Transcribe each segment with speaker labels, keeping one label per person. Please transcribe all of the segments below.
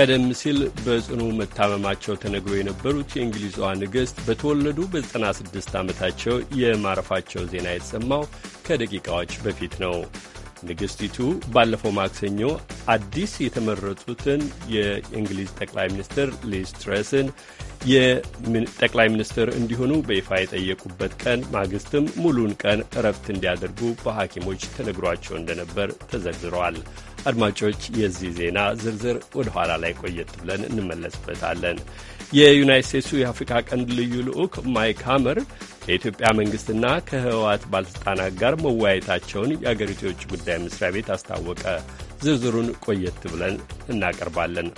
Speaker 1: ቀደም ሲል በጽኑ መታመማቸው ተነግሮ የነበሩት የእንግሊዟ ንግሥት በተወለዱ በ96 ዓመታቸው የማረፋቸው ዜና የተሰማው ከደቂቃዎች በፊት ነው። ንግሥቲቱ ባለፈው ማክሰኞ አዲስ የተመረጡትን የእንግሊዝ ጠቅላይ ሚኒስትር ሊዝ የጠቅላይ ሚኒስትር እንዲሆኑ በይፋ የጠየቁበት ቀን ማግስትም ሙሉን ቀን እረፍት እንዲያደርጉ በሐኪሞች ተነግሯቸው እንደነበር ተዘርዝረዋል። አድማጮች፣ የዚህ ዜና ዝርዝር ወደ ኋላ ላይ ቆየት ብለን እንመለስበታለን። የዩናይት ስቴትሱ የአፍሪካ ቀንድ ልዩ ልዑክ ማይክ ሃመር ከኢትዮጵያ መንግሥትና ከህወሓት ባለሥልጣናት ጋር መወያየታቸውን የአገሪቱ የውጭ ጉዳይ መስሪያ ቤት አስታወቀ። ዝርዝሩን ቆየት ብለን እናቀርባለን።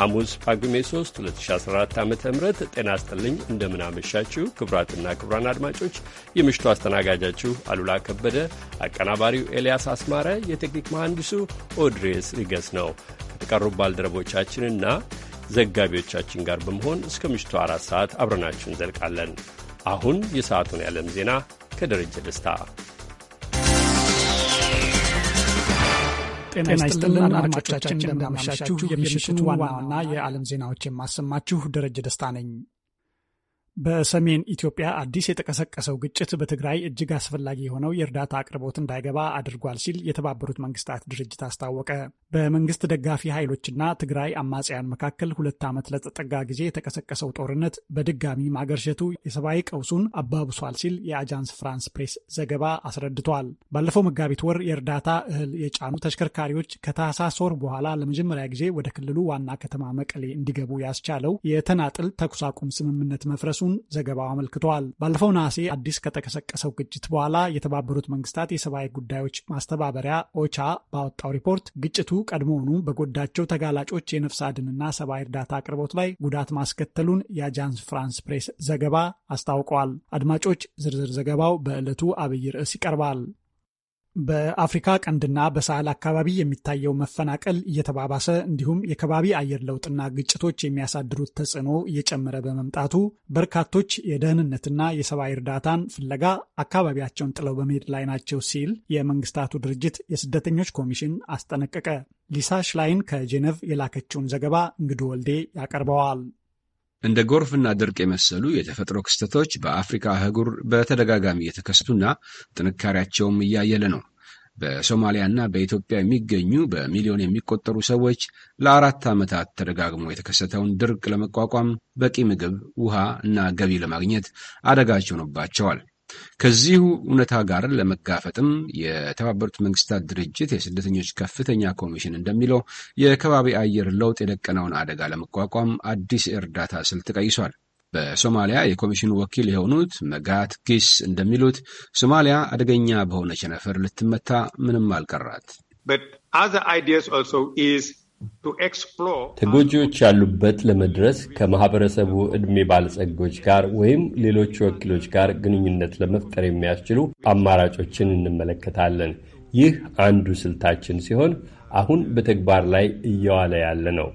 Speaker 1: ሐሙስ ጳጉሜ 3 2014 ዓ ም ጤና ስጥልኝ እንደምናመሻችሁ ክቡራትና ክቡራን አድማጮች የምሽቱ አስተናጋጃችሁ አሉላ ከበደ፣ አቀናባሪው ኤልያስ አስማረ፣ የቴክኒክ መሐንዲሱ ኦድሬስ ሪገስ ነው። ከተቀሩ ባልደረቦቻችንና ዘጋቢዎቻችን ጋር በመሆን እስከ ምሽቱ አራት ሰዓት አብረናችሁ እንዘልቃለን። አሁን የሰዓቱን የዓለም ዜና ከደረጀ ደስታ
Speaker 2: ጤና ይስጥልን አድማጮቻችን፣ እንደምናመሻችሁ። የምሽቱ ዋና ዋና የዓለም ዜናዎች የማሰማችሁ ደረጀ ደስታ ነኝ። በሰሜን ኢትዮጵያ አዲስ የተቀሰቀሰው ግጭት በትግራይ እጅግ አስፈላጊ የሆነው የእርዳታ አቅርቦት እንዳይገባ አድርጓል ሲል የተባበሩት መንግስታት ድርጅት አስታወቀ። በመንግስት ደጋፊ ኃይሎችና ትግራይ አማጽያን መካከል ሁለት ዓመት ለተጠጋ ጊዜ የተቀሰቀሰው ጦርነት በድጋሚ ማገርሸቱ የሰብአዊ ቀውሱን አባብሷል ሲል የአጃንስ ፍራንስ ፕሬስ ዘገባ አስረድቷል። ባለፈው መጋቢት ወር የእርዳታ እህል የጫኑ ተሽከርካሪዎች ከታህሳስ ወር በኋላ ለመጀመሪያ ጊዜ ወደ ክልሉ ዋና ከተማ መቀሌ እንዲገቡ ያስቻለው የተናጥል ተኩስ አቁም ስምምነት መፍረሱ መድረሱን ዘገባው አመልክቷል። ባለፈው ነሐሴ አዲስ ከተቀሰቀሰው ግጭት በኋላ የተባበሩት መንግስታት የሰብአዊ ጉዳዮች ማስተባበሪያ ኦቻ ባወጣው ሪፖርት ግጭቱ ቀድሞውኑ በጎዳቸው ተጋላጮች የነፍስ አድንና ሰብአዊ እርዳታ አቅርቦት ላይ ጉዳት ማስከተሉን የአጃንስ ፍራንስ ፕሬስ ዘገባ አስታውቋል። አድማጮች ዝርዝር ዘገባው በዕለቱ አብይ ርዕስ ይቀርባል። በአፍሪካ ቀንድና በሳህል አካባቢ የሚታየው መፈናቀል እየተባባሰ እንዲሁም የከባቢ አየር ለውጥና ግጭቶች የሚያሳድሩት ተጽዕኖ እየጨመረ በመምጣቱ በርካቶች የደህንነትና የሰብአዊ እርዳታን ፍለጋ አካባቢያቸውን ጥለው በመሄድ ላይ ናቸው ሲል የመንግስታቱ ድርጅት የስደተኞች ኮሚሽን አስጠነቀቀ። ሊሳ ሽላይን ከጄኔቭ የላከችውን ዘገባ እንግዱ ወልዴ ያቀርበዋል።
Speaker 3: እንደ ጎርፍና ድርቅ የመሰሉ የተፈጥሮ ክስተቶች በአፍሪካ አህጉር በተደጋጋሚ እየተከሰቱና ጥንካሬያቸውም እያየለ ነው። በሶማሊያና በኢትዮጵያ የሚገኙ በሚሊዮን የሚቆጠሩ ሰዎች ለአራት ዓመታት ተደጋግሞ የተከሰተውን ድርቅ ለመቋቋም በቂ ምግብ፣ ውሃ እና ገቢ ለማግኘት አደጋች ሆኖባቸዋል። ከዚሁ እውነታ ጋር ለመጋፈጥም የተባበሩት መንግስታት ድርጅት የስደተኞች ከፍተኛ ኮሚሽን እንደሚለው የከባቢ አየር ለውጥ የደቀነውን አደጋ ለመቋቋም አዲስ የእርዳታ ስልት ቀይሷል። በሶማሊያ የኮሚሽኑ ወኪል የሆኑት መጋት ጊስ እንደሚሉት ሶማሊያ አደገኛ በሆነ ቸነፈር ልትመታ ምንም አልቀራት።
Speaker 1: ተጎጂዎች ያሉበት ለመድረስ ከማህበረሰቡ ዕድሜ ባለጸጎች ጋር ወይም ሌሎች ወኪሎች ጋር ግንኙነት ለመፍጠር የሚያስችሉ አማራጮችን እንመለከታለን። ይህ አንዱ ስልታችን ሲሆን አሁን በተግባር ላይ እየዋለ ያለ ነው።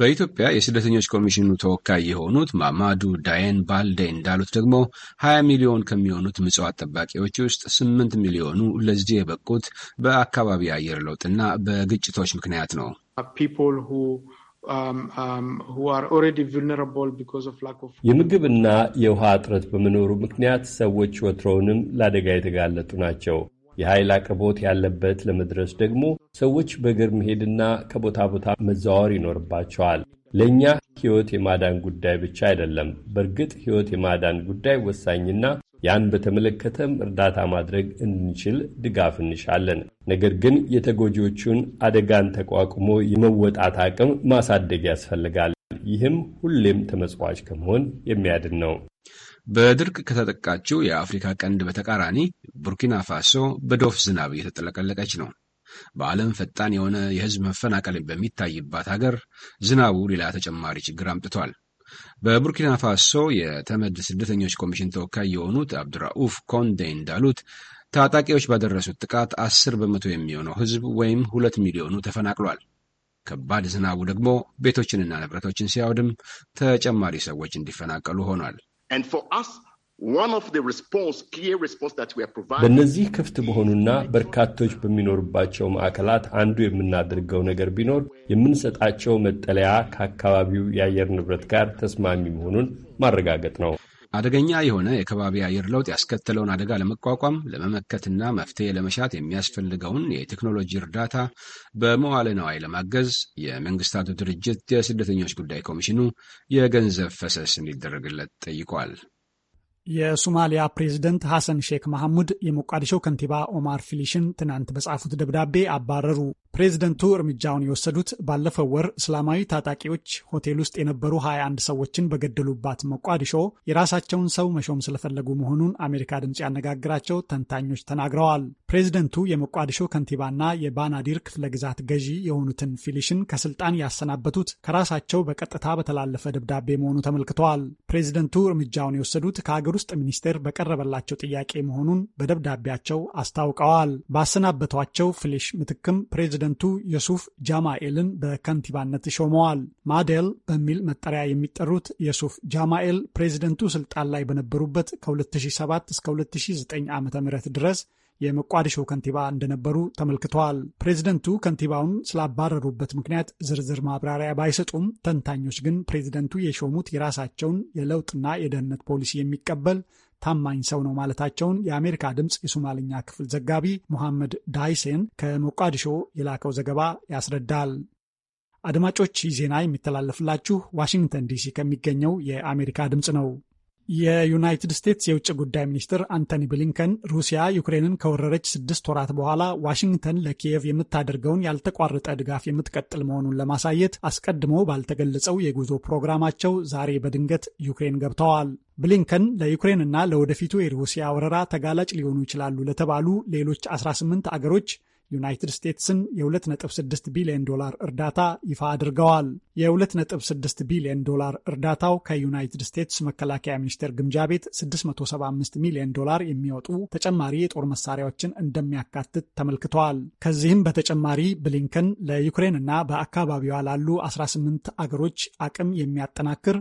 Speaker 1: በኢትዮጵያ የስደተኞች ኮሚሽኑ
Speaker 3: ተወካይ የሆኑት ማማዱ ዳየን ባልዴ እንዳሉት ደግሞ 20 ሚሊዮን ከሚሆኑት ምጽዋት ጠባቂዎች ውስጥ 8 ሚሊዮኑ ለዚህ የበቁት በአካባቢ አየር ለውጥና
Speaker 1: በግጭቶች ምክንያት ነው።
Speaker 4: Uh, um, um,
Speaker 1: የምግብና የውሃ እጥረት በመኖሩ ምክንያት ሰዎች ወትሮውንም ለአደጋ የተጋለጡ ናቸው። የኃይል አቅርቦት ያለበት ለመድረስ ደግሞ ሰዎች በእግር መሄድና ከቦታ ቦታ መዘዋወር ይኖርባቸዋል። ለእኛ ሕይወት የማዳን ጉዳይ ብቻ አይደለም። በእርግጥ ሕይወት የማዳን ጉዳይ ወሳኝና ያን በተመለከተም እርዳታ ማድረግ እንችል ድጋፍ እንሻለን። ነገር ግን የተጎጂዎቹን አደጋን ተቋቁሞ የመወጣት አቅም ማሳደግ ያስፈልጋል። ይህም ሁሌም ተመጽዋች ከመሆን የሚያድን ነው። በድርቅ ከተጠቃችው የአፍሪካ
Speaker 3: ቀንድ በተቃራኒ ቡርኪና ፋሶ በዶፍ ዝናብ እየተጠለቀለቀች ነው። በዓለም ፈጣን የሆነ የሕዝብ መፈናቀል በሚታይባት ሀገር ዝናቡ ሌላ ተጨማሪ ችግር አምጥቷል። በቡርኪና ፋሶ የተመድ ስደተኞች ኮሚሽን ተወካይ የሆኑት አብዱራኡፍ ኮንዴ እንዳሉት ታጣቂዎች ባደረሱት ጥቃት አስር በመቶ የሚሆነው ህዝብ ወይም ሁለት ሚሊዮኑ ተፈናቅሏል። ከባድ ዝናቡ ደግሞ ቤቶችንና ንብረቶችን ሲያወድም ተጨማሪ ሰዎች እንዲፈናቀሉ ሆኗል።
Speaker 4: በእነዚህ
Speaker 1: ክፍት በሆኑና በርካቶች በሚኖሩባቸው ማዕከላት አንዱ የምናደርገው ነገር ቢኖር የምንሰጣቸው መጠለያ ከአካባቢው የአየር ንብረት ጋር ተስማሚ መሆኑን ማረጋገጥ ነው። አደገኛ የሆነ የከባቢ አየር ለውጥ ያስከተለውን
Speaker 3: አደጋ ለመቋቋም ለመመከትና መፍትሄ ለመሻት የሚያስፈልገውን የቴክኖሎጂ እርዳታ በመዋለ ነዋይ ለማገዝ የመንግስታቱ ድርጅት የስደተኞች ጉዳይ ኮሚሽኑ የገንዘብ ፈሰስ እንዲደረግለት ጠይቋል።
Speaker 2: የሱማሊያ ፕሬዝደንት ሐሰን ሼክ መሐሙድ የሞቃዲሾ ከንቲባ ኦማር ፊሊሽን ትናንት በጻፉት ደብዳቤ አባረሩ። ፕሬዝደንቱ እርምጃውን የወሰዱት ባለፈው ወር እስላማዊ ታጣቂዎች ሆቴል ውስጥ የነበሩ 21 ሰዎችን በገደሉባት ሞቃዲሾ የራሳቸውን ሰው መሾም ስለፈለጉ መሆኑን አሜሪካ ድምፅ ያነጋግራቸው ተንታኞች ተናግረዋል። ፕሬዝደንቱ የሞቃዲሾ ከንቲባና የባናዲር ክፍለ ግዛት ገዢ የሆኑትን ፊሊሽን ከስልጣን ያሰናበቱት ከራሳቸው በቀጥታ በተላለፈ ደብዳቤ መሆኑ ተመልክተዋል። ፕሬዚደንቱ እርምጃውን የወሰዱት ከሀገር ውስጥ ሚኒስቴር በቀረበላቸው ጥያቄ መሆኑን በደብዳቤያቸው አስታውቀዋል። ባሰናበቷቸው ፊሊሽ ምትክም ፕሬዝደንቱ የሱፍ ጃማኤልን በከንቲባነት ሾመዋል። ማዴል በሚል መጠሪያ የሚጠሩት የሱፍ ጃማኤል ፕሬዝደንቱ ስልጣን ላይ በነበሩበት ከ2007 እስከ 2009 ዓ ም ድረስ የመቋዲሾ ከንቲባ እንደነበሩ ተመልክተዋል። ፕሬዝደንቱ ከንቲባውን ስላባረሩበት ምክንያት ዝርዝር ማብራሪያ ባይሰጡም ተንታኞች ግን ፕሬዝደንቱ የሾሙት የራሳቸውን የለውጥና የደህንነት ፖሊሲ የሚቀበል ታማኝ ሰው ነው ማለታቸውን የአሜሪካ ድምፅ የሶማልኛ ክፍል ዘጋቢ ሙሐመድ ዳይሴን ከሞቃዲሾ የላከው ዘገባ ያስረዳል። አድማጮች ይህ ዜና የሚተላለፍላችሁ ዋሽንግተን ዲሲ ከሚገኘው የአሜሪካ ድምፅ ነው። የዩናይትድ ስቴትስ የውጭ ጉዳይ ሚኒስትር አንቶኒ ብሊንከን ሩሲያ ዩክሬንን ከወረረች ስድስት ወራት በኋላ ዋሽንግተን ለኪየቭ የምታደርገውን ያልተቋረጠ ድጋፍ የምትቀጥል መሆኑን ለማሳየት አስቀድሞ ባልተገለጸው የጉዞ ፕሮግራማቸው ዛሬ በድንገት ዩክሬን ገብተዋል። ብሊንከን ለዩክሬንና ለወደፊቱ የሩሲያ ወረራ ተጋላጭ ሊሆኑ ይችላሉ ለተባሉ ሌሎች 18 አገሮች ዩናይትድ ስቴትስን የ2.6 ቢሊዮን ዶላር እርዳታ ይፋ አድርገዋል። የ2.6 ቢሊዮን ዶላር እርዳታው ከዩናይትድ ስቴትስ መከላከያ ሚኒስቴር ግምጃ ቤት 675 ሚሊዮን ዶላር የሚወጡ ተጨማሪ የጦር መሳሪያዎችን እንደሚያካትት ተመልክተዋል። ከዚህም በተጨማሪ ብሊንከን ለዩክሬንና በአካባቢዋ ላሉ 18 አገሮች አቅም የሚያጠናክር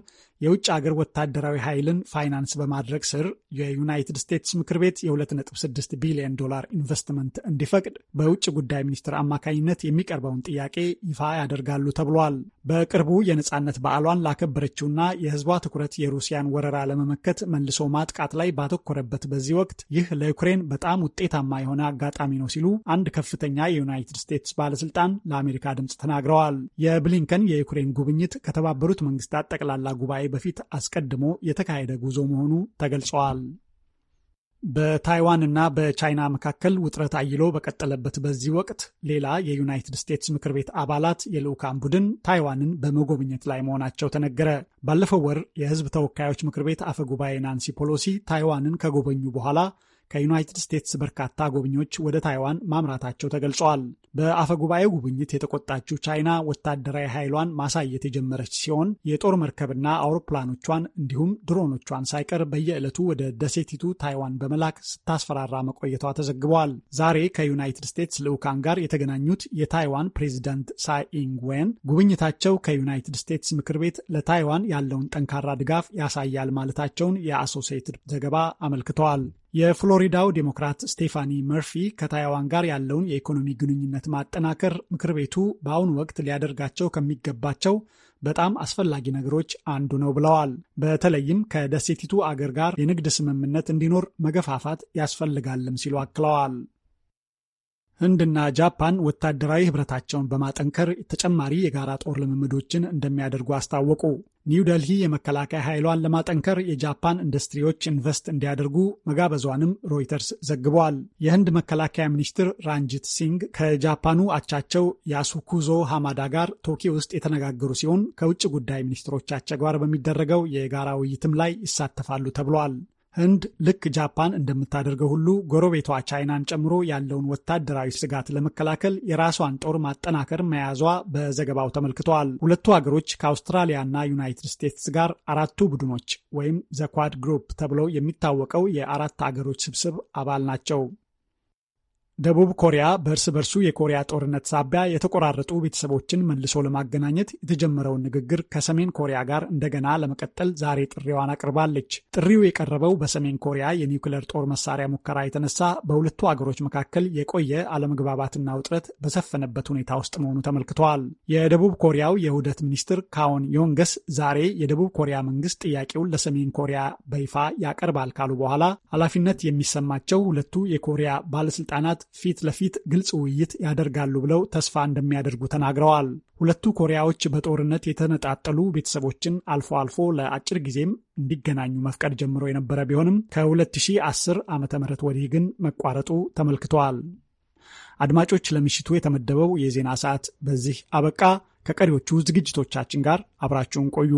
Speaker 2: የውጭ አገር ወታደራዊ ኃይልን ፋይናንስ በማድረግ ስር የዩናይትድ ስቴትስ ምክር ቤት የ2.6 ቢሊዮን ዶላር ኢንቨስትመንት እንዲፈቅድ በውጭ ጉዳይ ሚኒስትር አማካኝነት የሚቀርበውን ጥያቄ ይፋ ያደርጋሉ ተብሏል። በቅርቡ የነፃነት በዓሏን ላከበረችውና የህዝቧ ትኩረት የሩሲያን ወረራ ለመመከት መልሶ ማጥቃት ላይ ባተኮረበት በዚህ ወቅት ይህ ለዩክሬን በጣም ውጤታማ የሆነ አጋጣሚ ነው ሲሉ አንድ ከፍተኛ የዩናይትድ ስቴትስ ባለስልጣን ለአሜሪካ ድምፅ ተናግረዋል። የብሊንከን የዩክሬን ጉብኝት ከተባበሩት መንግስታት ጠቅላላ ጉባኤ በፊት አስቀድሞ የተካሄደ ጉዞ መሆኑ ተገልጸዋል። በታይዋንና በቻይና መካከል ውጥረት አይሎ በቀጠለበት በዚህ ወቅት ሌላ የዩናይትድ ስቴትስ ምክር ቤት አባላት የልዑካን ቡድን ታይዋንን በመጎብኘት ላይ መሆናቸው ተነገረ። ባለፈው ወር የሕዝብ ተወካዮች ምክር ቤት አፈ ጉባኤ ናንሲ ፖሎሲ ታይዋንን ከጎበኙ በኋላ ከዩናይትድ ስቴትስ በርካታ ጎብኚዎች ወደ ታይዋን ማምራታቸው ተገልጸዋል። በአፈጉባኤው ጉብኝት የተቆጣችው ቻይና ወታደራዊ ኃይሏን ማሳየት የጀመረች ሲሆን የጦር መርከብና አውሮፕላኖቿን እንዲሁም ድሮኖቿን ሳይቀር በየዕለቱ ወደ ደሴቲቱ ታይዋን በመላክ ስታስፈራራ መቆየቷ ተዘግበዋል። ዛሬ ከዩናይትድ ስቴትስ ልዑካን ጋር የተገናኙት የታይዋን ፕሬዚዳንት ሳኢንግዌን ጉብኝታቸው ከዩናይትድ ስቴትስ ምክር ቤት ለታይዋን ያለውን ጠንካራ ድጋፍ ያሳያል ማለታቸውን የአሶሲየትድ ዘገባ አመልክተዋል። የፍሎሪዳው ዴሞክራት ስቴፋኒ መርፊ ከታይዋን ጋር ያለውን የኢኮኖሚ ግንኙነት ማጠናከር ምክር ቤቱ በአሁኑ ወቅት ሊያደርጋቸው ከሚገባቸው በጣም አስፈላጊ ነገሮች አንዱ ነው ብለዋል። በተለይም ከደሴቲቱ አገር ጋር የንግድ ስምምነት እንዲኖር መገፋፋት ያስፈልጋልም ሲሉ አክለዋል። ህንድና ጃፓን ወታደራዊ ህብረታቸውን በማጠንከር ተጨማሪ የጋራ ጦር ልምምዶችን እንደሚያደርጉ አስታወቁ። ኒው ደልሂ የመከላከያ ኃይሏን ለማጠንከር የጃፓን ኢንዱስትሪዎች ኢንቨስት እንዲያደርጉ መጋበዟንም ሮይተርስ ዘግቧል። የህንድ መከላከያ ሚኒስትር ራንጂት ሲንግ ከጃፓኑ አቻቸው ያሱኩዞ ሃማዳ ጋር ቶኪዮ ውስጥ የተነጋገሩ ሲሆን ከውጭ ጉዳይ ሚኒስትሮቻቸው ጋር በሚደረገው የጋራ ውይይትም ላይ ይሳተፋሉ ተብሏል። ህንድ ልክ ጃፓን እንደምታደርገው ሁሉ ጎረቤቷ ቻይናን ጨምሮ ያለውን ወታደራዊ ስጋት ለመከላከል የራሷን ጦር ማጠናከር መያዟ በዘገባው ተመልክተዋል። ሁለቱ ሀገሮች ከአውስትራሊያና ዩናይትድ ስቴትስ ጋር አራቱ ቡድኖች ወይም ዘኳድ ግሩፕ ተብለው የሚታወቀው የአራት አገሮች ስብስብ አባል ናቸው። ደቡብ ኮሪያ በእርስ በርሱ የኮሪያ ጦርነት ሳቢያ የተቆራረጡ ቤተሰቦችን መልሶ ለማገናኘት የተጀመረውን ንግግር ከሰሜን ኮሪያ ጋር እንደገና ለመቀጠል ዛሬ ጥሪዋን አቅርባለች። ጥሪው የቀረበው በሰሜን ኮሪያ የኒውክለር ጦር መሳሪያ ሙከራ የተነሳ በሁለቱ አገሮች መካከል የቆየ አለመግባባትና ውጥረት በሰፈነበት ሁኔታ ውስጥ መሆኑ ተመልክተዋል። የደቡብ ኮሪያው የውህደት ሚኒስትር ካዎን ዮንገስ ዛሬ የደቡብ ኮሪያ መንግስት ጥያቄውን ለሰሜን ኮሪያ በይፋ ያቀርባል ካሉ በኋላ ኃላፊነት የሚሰማቸው ሁለቱ የኮሪያ ባለስልጣናት ፊት ለፊት ግልጽ ውይይት ያደርጋሉ ብለው ተስፋ እንደሚያደርጉ ተናግረዋል። ሁለቱ ኮሪያዎች በጦርነት የተነጣጠሉ ቤተሰቦችን አልፎ አልፎ ለአጭር ጊዜም እንዲገናኙ መፍቀድ ጀምሮ የነበረ ቢሆንም ከ2010 ዓ ም ወዲህ ግን መቋረጡ ተመልክተዋል። አድማጮች፣ ለምሽቱ የተመደበው የዜና ሰዓት በዚህ አበቃ። ከቀሪዎቹ ዝግጅቶቻችን ጋር አብራችሁን ቆዩ።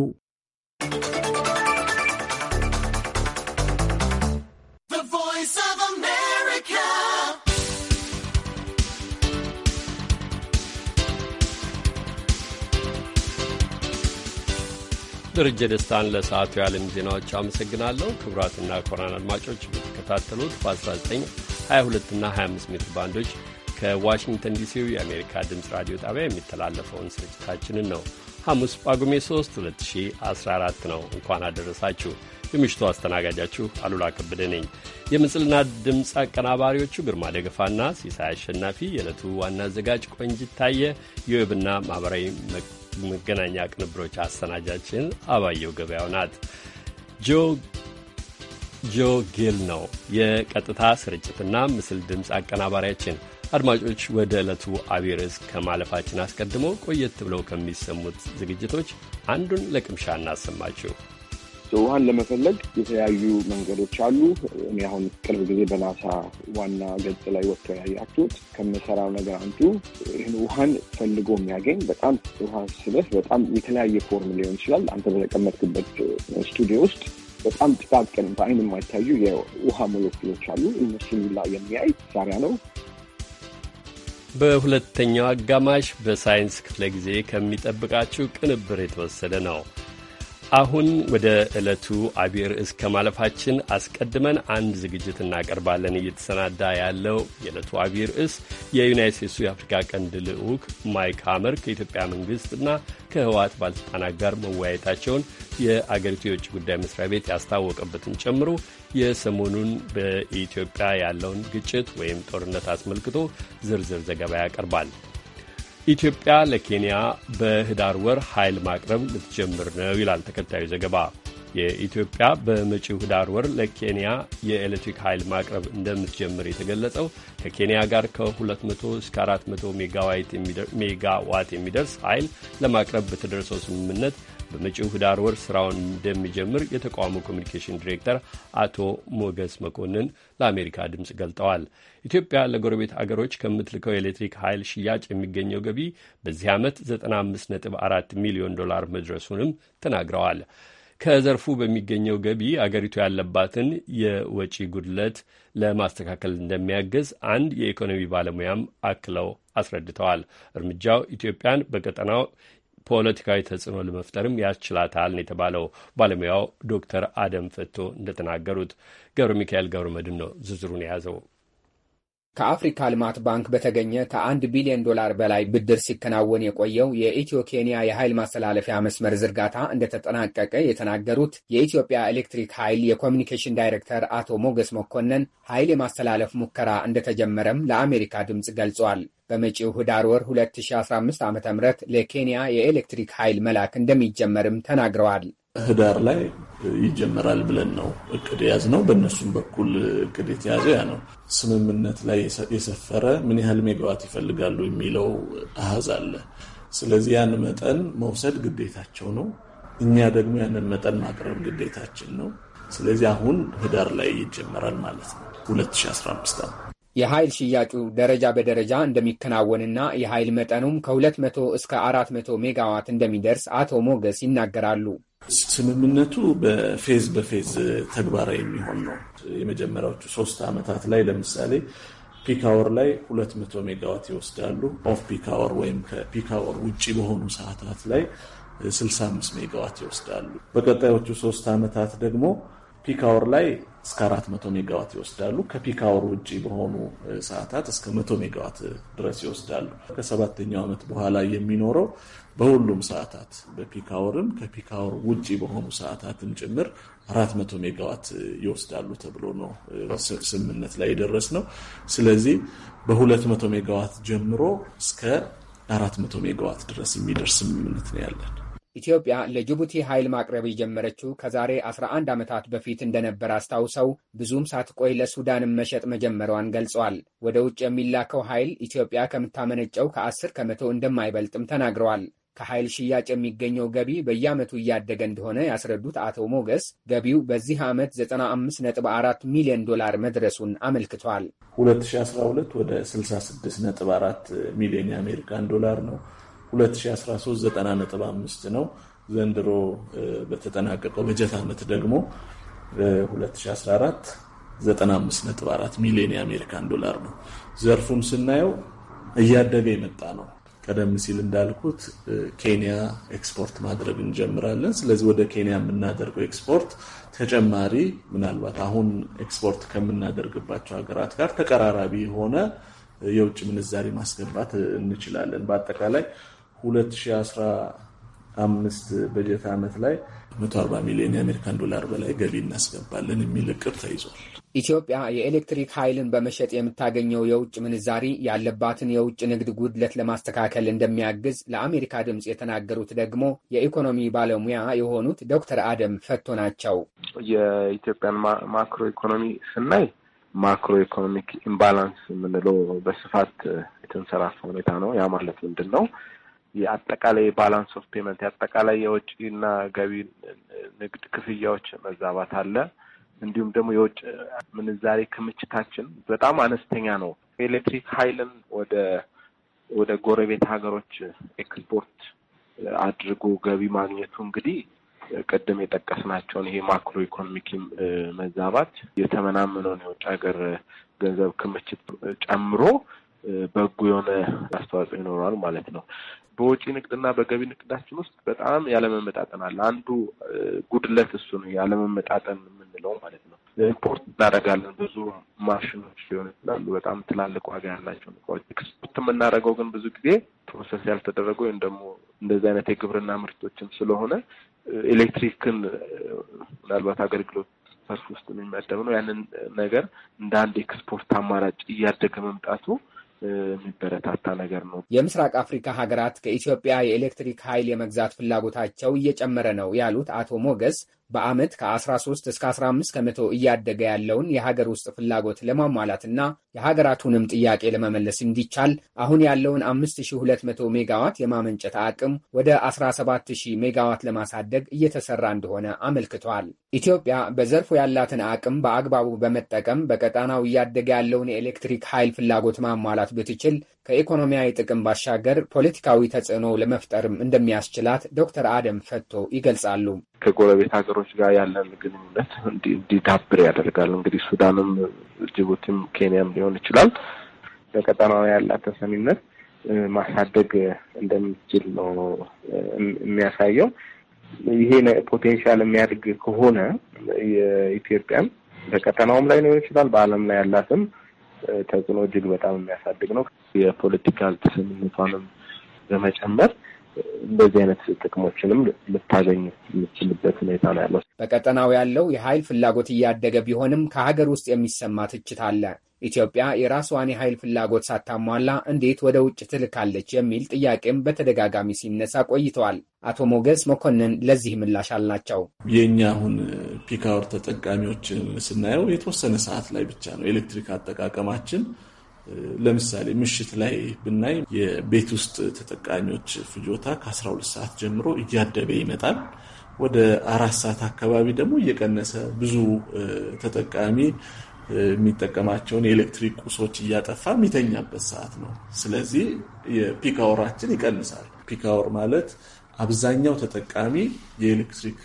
Speaker 1: ደረጀ ደስታን ለሰዓቱ የዓለም ዜናዎች አመሰግናለሁ። ክቡራትና ክቡራን አድማጮች የምትከታተሉት በ1922 እና 25 ሜትር ባንዶች ከዋሽንግተን ዲሲው የአሜሪካ ድምፅ ራዲዮ ጣቢያ የሚተላለፈውን ስርጭታችንን ነው። ሐሙስ ጳጉሜ 3 2014 ነው። እንኳን አደረሳችሁ። የምሽቱ አስተናጋጃችሁ አሉላ ከበደ ነኝ። የምስልና ድምፅ አቀናባሪዎቹ ግርማ ደገፋና ሲሳይ አሸናፊ፣ የዕለቱ ዋና አዘጋጅ ቆንጅት ታየ፣ የዌብና ማኅበራዊ መገናኛ ቅንብሮች አሰናጃችን አባየው ገበያው ናት። ጆ ጆ ጌል ነው የቀጥታ ስርጭትና ምስል ድምፅ አቀናባሪያችን። አድማጮች ወደ ዕለቱ አቢይ ርዕስ ከማለፋችን አስቀድሞ ቆየት ብለው ከሚሰሙት ዝግጅቶች አንዱን ለቅምሻ እናሰማችሁ።
Speaker 5: ውሃን ለመፈለግ የተለያዩ መንገዶች አሉ። እኔ አሁን ቅርብ ጊዜ በናሳ ዋና ገጽ ላይ ወጥቶ ያያችሁት ከምሰራው ነገር አንዱ ይህን ውሃን ፈልጎ የሚያገኝ በጣም ውሃ ስለት በጣም የተለያየ ፎርም ሊሆን ይችላል። አንተ በተቀመጥክበት ስቱዲዮ ውስጥ በጣም ጥቃቅን በአይን የማይታዩ የውሃ ሞለኪሎች አሉ። እነሱን ላ የሚያይ ሳሪያ ነው።
Speaker 1: በሁለተኛው አጋማሽ በሳይንስ ክፍለ ጊዜ ከሚጠብቃችሁ ቅንብር የተወሰደ ነው። አሁን ወደ ዕለቱ አቢይ ርዕስ ከማለፋችን አስቀድመን አንድ ዝግጅት እናቀርባለን። እየተሰናዳ ያለው የዕለቱ አቢይ ርዕስ የዩናይት ስቴትሱ የአፍሪካ ቀንድ ልዑክ ማይክ ሀመር ከኢትዮጵያ መንግሥትና ከህወሓት ባለሥልጣናት ጋር መወያየታቸውን የአገሪቱ የውጭ ጉዳይ መስሪያ ቤት ያስታወቀበትን ጨምሮ የሰሞኑን በኢትዮጵያ ያለውን ግጭት ወይም ጦርነት አስመልክቶ ዝርዝር ዘገባ ያቀርባል። ኢትዮጵያ ለኬንያ በህዳር ወር ኃይል ማቅረብ ልትጀምር ነው ይላል ተከታዩ ዘገባ። የኢትዮጵያ በመጪው ህዳር ወር ለኬንያ የኤሌክትሪክ ኃይል ማቅረብ እንደምትጀምር የተገለጸው ከኬንያ ጋር ከ200 እስከ 400 ሜጋዋት የሚደርስ ኃይል ለማቅረብ በተደረሰው ስምምነት በመጪው ህዳር ወር ስራውን እንደሚጀምር የተቋሙ ኮሚኒኬሽን ዲሬክተር አቶ ሞገስ መኮንን ለአሜሪካ ድምፅ ገልጠዋል። ኢትዮጵያ ለጎረቤት አገሮች ከምትልከው የኤሌክትሪክ ኃይል ሽያጭ የሚገኘው ገቢ በዚህ ዓመት 95.4 ሚሊዮን ዶላር መድረሱንም ተናግረዋል። ከዘርፉ በሚገኘው ገቢ አገሪቱ ያለባትን የወጪ ጉድለት ለማስተካከል እንደሚያግዝ አንድ የኢኮኖሚ ባለሙያም አክለው አስረድተዋል። እርምጃው ኢትዮጵያን በቀጠናው ፖለቲካዊ ተጽዕኖ ለመፍጠርም ያስችላታል የተባለው ባለሙያው ዶክተር አደም ፈቶ እንደተናገሩት ገብረ ሚካኤል ገብረ መድን ነው ዝርዝሩን የያዘው።
Speaker 6: ከአፍሪካ ልማት ባንክ በተገኘ ከአንድ ቢሊዮን ዶላር በላይ ብድር ሲከናወን የቆየው የኢትዮ ኬንያ የኃይል ማስተላለፊያ መስመር ዝርጋታ እንደተጠናቀቀ የተናገሩት የኢትዮጵያ ኤሌክትሪክ ኃይል የኮሚኒኬሽን ዳይሬክተር አቶ ሞገስ መኮንን ኃይል የማስተላለፍ ሙከራ እንደተጀመረም ለአሜሪካ ድምፅ ገልጿል። በመጪው ህዳር ወር 2015 ዓ ም ለኬንያ የኤሌክትሪክ ኃይል መላክ እንደሚጀመርም ተናግረዋል።
Speaker 7: ህዳር ላይ ይጀመራል ብለን ነው እቅድ የያዝ ነው። በእነሱም በኩል እቅድ የተያዘ ያ ነው። ስምምነት ላይ የሰፈረ ምን ያህል ሜጋዋት ይፈልጋሉ የሚለው አሃዝ አለ። ስለዚህ ያን መጠን መውሰድ ግዴታቸው ነው። እኛ ደግሞ ያንን መጠን ማቅረብ ግዴታችን ነው። ስለዚህ አሁን ህዳር ላይ ይጀመራል ማለት ነው 2015 ነው።
Speaker 6: የኃይል ሽያጩ ደረጃ በደረጃ እንደሚከናወንና የኃይል መጠኑም ከ200 እስከ 400 ሜጋዋት እንደሚደርስ አቶ ሞገስ ይናገራሉ።
Speaker 7: ስምምነቱ በፌዝ በፌዝ ተግባራዊ የሚሆን ነው። የመጀመሪያዎቹ ሶስት ዓመታት ላይ ለምሳሌ ፒካወር ላይ 200 ሜጋዋት ይወስዳሉ። ኦፍ ፒካወር ወይም ከፒካወር ውጭ በሆኑ ሰዓታት ላይ 65 ሜጋዋት ይወስዳሉ። በቀጣዮቹ ሶስት ዓመታት ደግሞ ፒካወር ላይ እስከ 400 ሜጋዋት ይወስዳሉ። ከፒካወር ውጭ በሆኑ ሰዓታት እስከ 100 ሜጋዋት ድረስ ይወስዳሉ። ከሰባተኛው ዓመት በኋላ የሚኖረው በሁሉም ሰዓታት በፒካወርም ከፒካወር ውጭ በሆኑ ሰዓታትም ጭምር አራት መቶ ሜጋዋት ይወስዳሉ ተብሎ ነው ስምምነት ላይ የደረስ ነው። ስለዚህ በሁለት መቶ ሜጋዋት ጀምሮ እስከ አራት መቶ ሜጋዋት ድረስ የሚደርስ ስምምነት ነው ያለን።
Speaker 6: ኢትዮጵያ ለጅቡቲ ኃይል ማቅረብ የጀመረችው ከዛሬ 11 ዓመታት በፊት እንደነበር አስታውሰው ብዙም ሳትቆይ ለሱዳንም መሸጥ መጀመሯን ገልጸዋል። ወደ ውጭ የሚላከው ኃይል ኢትዮጵያ ከምታመነጨው ከ10 ከመቶ እንደማይበልጥም ተናግረዋል። ከኃይል ሽያጭ የሚገኘው ገቢ በየዓመቱ እያደገ እንደሆነ ያስረዱት አቶ ሞገስ ገቢው በዚህ ዓመት 95.4 ሚሊዮን ዶላር መድረሱን
Speaker 7: አመልክቷል። 2012 ወደ 66.4 ሚሊዮን የአሜሪካን ዶላር ነው። 2013 90.5 ነው። ዘንድሮ በተጠናቀቀው በጀት ዓመት ደግሞ 2014 95.4 ሚሊዮን የአሜሪካን ዶላር ነው። ዘርፉን ስናየው እያደገ የመጣ ነው። ቀደም ሲል እንዳልኩት ኬንያ ኤክስፖርት ማድረግ እንጀምራለን። ስለዚህ ወደ ኬንያ የምናደርገው ኤክስፖርት ተጨማሪ ምናልባት አሁን ኤክስፖርት ከምናደርግባቸው ሀገራት ጋር ተቀራራቢ የሆነ የውጭ ምንዛሪ ማስገባት እንችላለን። በአጠቃላይ 2015 በጀት ዓመት ላይ 140 ሚሊዮን የአሜሪካን ዶላር በላይ ገቢ እናስገባለን የሚል እቅድ ተይዟል። ኢትዮጵያ የኤሌክትሪክ
Speaker 6: ኃይልን በመሸጥ የምታገኘው የውጭ ምንዛሪ ያለባትን የውጭ ንግድ ጉድለት ለማስተካከል እንደሚያግዝ ለአሜሪካ ድምፅ የተናገሩት ደግሞ የኢኮኖሚ ባለሙያ የሆኑት ዶክተር
Speaker 8: አደም ፈቶ ናቸው። የኢትዮጵያን ማክሮ ኢኮኖሚ ስናይ ማክሮ ኢኮኖሚክ ኢምባላንስ የምንለው በስፋት የተንሰራፋ ሁኔታ ነው። ያ ማለት ምንድን ነው? የአጠቃላይ ባላንስ ኦፍ ፔመንት የአጠቃላይ የወጪና ገቢ ንግድ ክፍያዎች መዛባት አለ። እንዲሁም ደግሞ የውጭ ምንዛሬ ክምችታችን በጣም አነስተኛ ነው። ኤሌክትሪክ ኃይልን ወደ ወደ ጎረቤት ሀገሮች ኤክስፖርት አድርጎ ገቢ ማግኘቱ እንግዲህ ቅድም የጠቀስናቸውን ይሄ ማክሮ ኢኮኖሚክ መዛባት የተመናመነውን የውጭ ሀገር ገንዘብ ክምችት ጨምሮ በጎ የሆነ አስተዋጽኦ ይኖረዋል ማለት ነው። በወጪ ንግድና በገቢ ንግዳችን ውስጥ በጣም ያለመመጣጠን አለ። አንዱ ጉድለት እሱ ነው፣ ያለመመጣጠን የምንለው ማለት ነው። ኢምፖርት እናደርጋለን ብዙ ማሽኖች ሊሆን ይችላሉ፣ በጣም ትላልቅ ዋጋ ያላቸው እቃዎች። ኤክስፖርት የምናደርገው ግን ብዙ ጊዜ ፕሮሰስ ያልተደረገ ወይም ደግሞ እንደዚህ አይነት የግብርና ምርቶችም ስለሆነ ኤሌክትሪክን ምናልባት አገልግሎት ሰርፍ ውስጥ የሚመደብ ነው። ያንን ነገር እንደ አንድ ኤክስፖርት አማራጭ እያደገ መምጣቱ የሚበረታታ ነገር ነው። የምስራቅ አፍሪካ
Speaker 6: ሀገራት ከኢትዮጵያ የኤሌክትሪክ ኃይል የመግዛት ፍላጎታቸው እየጨመረ ነው ያሉት አቶ ሞገስ በዓመት ከ13 እስከ 15 ከመቶ እያደገ ያለውን የሀገር ውስጥ ፍላጎት ለማሟላትና የሀገራቱንም ጥያቄ ለመመለስ እንዲቻል አሁን ያለውን 5200 ሜጋዋት የማመንጨት አቅም ወደ 17000 ሜጋዋት ለማሳደግ እየተሰራ እንደሆነ አመልክቷል። ኢትዮጵያ በዘርፉ ያላትን አቅም በአግባቡ በመጠቀም በቀጣናው እያደገ ያለውን የኤሌክትሪክ ኃይል ፍላጎት ማሟላት ብትችል ከኢኮኖሚያዊ ጥቅም ባሻገር ፖለቲካዊ ተጽዕኖ ለመፍጠርም እንደሚያስችላት ዶክተር አደም ፈቶ ይገልጻሉ።
Speaker 8: ከጎረቤት ሀገሮች ሀገሮች ጋር ያለን ግንኙነት እንዲዳብር ያደርጋል። እንግዲህ ሱዳንም፣ ጅቡቲም፣ ኬንያም ሊሆን ይችላል በቀጠናው ያላት ተሰሚነት ማሳደግ እንደሚችል ነው የሚያሳየው። ይሄ ፖቴንሻል የሚያድግ ከሆነ የኢትዮጵያን በቀጠናውም ላይ ሊሆን ይችላል በዓለም ላይ ያላትም ተጽዕኖ እጅግ በጣም የሚያሳድግ ነው። የፖለቲካል ተሰሚነቷንም በመጨመር እንደዚህ አይነት ጥቅሞችንም ልታገኝ የምችልበት ሁኔታ ነው ያለው።
Speaker 6: በቀጠናው ያለው የኃይል ፍላጎት እያደገ ቢሆንም ከሀገር ውስጥ የሚሰማ ትችት አለ። ኢትዮጵያ የራሷን የኃይል ፍላጎት ሳታሟላ እንዴት ወደ ውጭ ትልካለች የሚል ጥያቄም በተደጋጋሚ ሲነሳ ቆይተዋል። አቶ ሞገስ መኮንን ለዚህ ምላሽ አልናቸው።
Speaker 7: የእኛ አሁን ፒካወር ተጠቃሚዎች ተጠቃሚዎችን ስናየው የተወሰነ ሰዓት ላይ ብቻ ነው ኤሌክትሪክ አጠቃቀማችን ለምሳሌ ምሽት ላይ ብናይ የቤት ውስጥ ተጠቃሚዎች ፍጆታ ከ12 ሰዓት ጀምሮ እያደበ ይመጣል። ወደ አራት ሰዓት አካባቢ ደግሞ እየቀነሰ ብዙ ተጠቃሚ የሚጠቀማቸውን የኤሌክትሪክ ቁሶች እያጠፋ የሚተኛበት ሰዓት ነው። ስለዚህ የፒካወራችን ይቀንሳል። ፒካወር ማለት አብዛኛው ተጠቃሚ የኤሌክትሪክ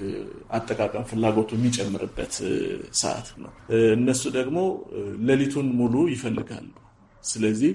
Speaker 7: አጠቃቀም ፍላጎቱ የሚጨምርበት ሰዓት ነው። እነሱ ደግሞ ሌሊቱን ሙሉ ይፈልጋሉ። ስለዚህ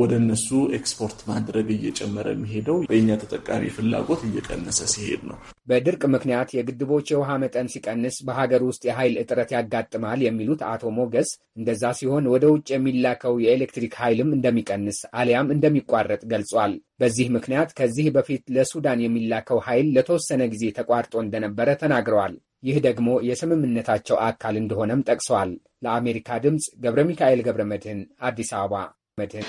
Speaker 7: ወደ እነሱ ኤክስፖርት ማድረግ እየጨመረ የሚሄደው የእኛ ተጠቃሚ ፍላጎት እየቀነሰ ሲሄድ ነው። በድርቅ ምክንያት የግድቦች
Speaker 6: የውሃ መጠን ሲቀንስ በሀገር ውስጥ የኃይል እጥረት ያጋጥማል የሚሉት አቶ ሞገስ እንደዛ ሲሆን ወደ ውጭ የሚላከው የኤሌክትሪክ ኃይልም እንደሚቀንስ አሊያም እንደሚቋረጥ ገልጿል። በዚህ ምክንያት ከዚህ በፊት ለሱዳን የሚላከው ኃይል ለተወሰነ ጊዜ ተቋርጦ እንደነበረ ተናግረዋል። ይህ ደግሞ የስምምነታቸው አካል እንደሆነም ጠቅሰዋል። ለአሜሪካ ድምፅ ገብረ ሚካኤል ገብረ መድህን አዲስ አበባ መድህን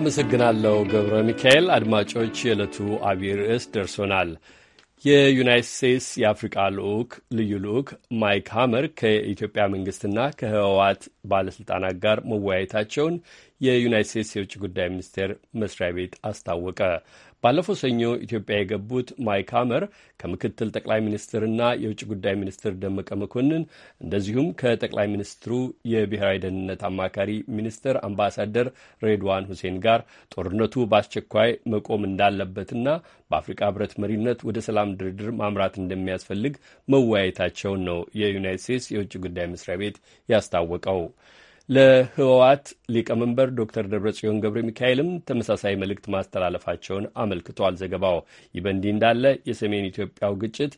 Speaker 1: አመሰግናለሁ ገብረ ሚካኤል። አድማጮች የዕለቱ አብይ ርዕስ ደርሶናል። የዩናይት ስቴትስ የአፍሪቃ ልዑክ ልዩ ልዑክ ማይክ ሀመር ከኢትዮጵያ መንግስትና ከህወሓት ባለሥልጣናት ጋር መወያየታቸውን የዩናይት ስቴትስ የውጭ ጉዳይ ሚኒስቴር መስሪያ ቤት አስታወቀ። ባለፈው ሰኞ ኢትዮጵያ የገቡት ማይክ ሀመር ከምክትል ጠቅላይ ሚኒስትርና የውጭ ጉዳይ ሚኒስትር ደመቀ መኮንን እንደዚሁም ከጠቅላይ ሚኒስትሩ የብሔራዊ ደህንነት አማካሪ ሚኒስትር አምባሳደር ሬድዋን ሁሴን ጋር ጦርነቱ በአስቸኳይ መቆም እንዳለበትና በአፍሪካ ሕብረት መሪነት ወደ ሰላም ድርድር ማምራት እንደሚያስፈልግ መወያየታቸውን ነው የዩናይት ስቴትስ የውጭ ጉዳይ መስሪያ ቤት ያስታወቀው። ለህወሓት ሊቀመንበር ዶክተር ደብረጽዮን ገብረ ሚካኤልም ተመሳሳይ መልእክት ማስተላለፋቸውን አመልክቷል ዘገባው። ይህ በእንዲህ እንዳለ የሰሜን ኢትዮጵያው ግጭት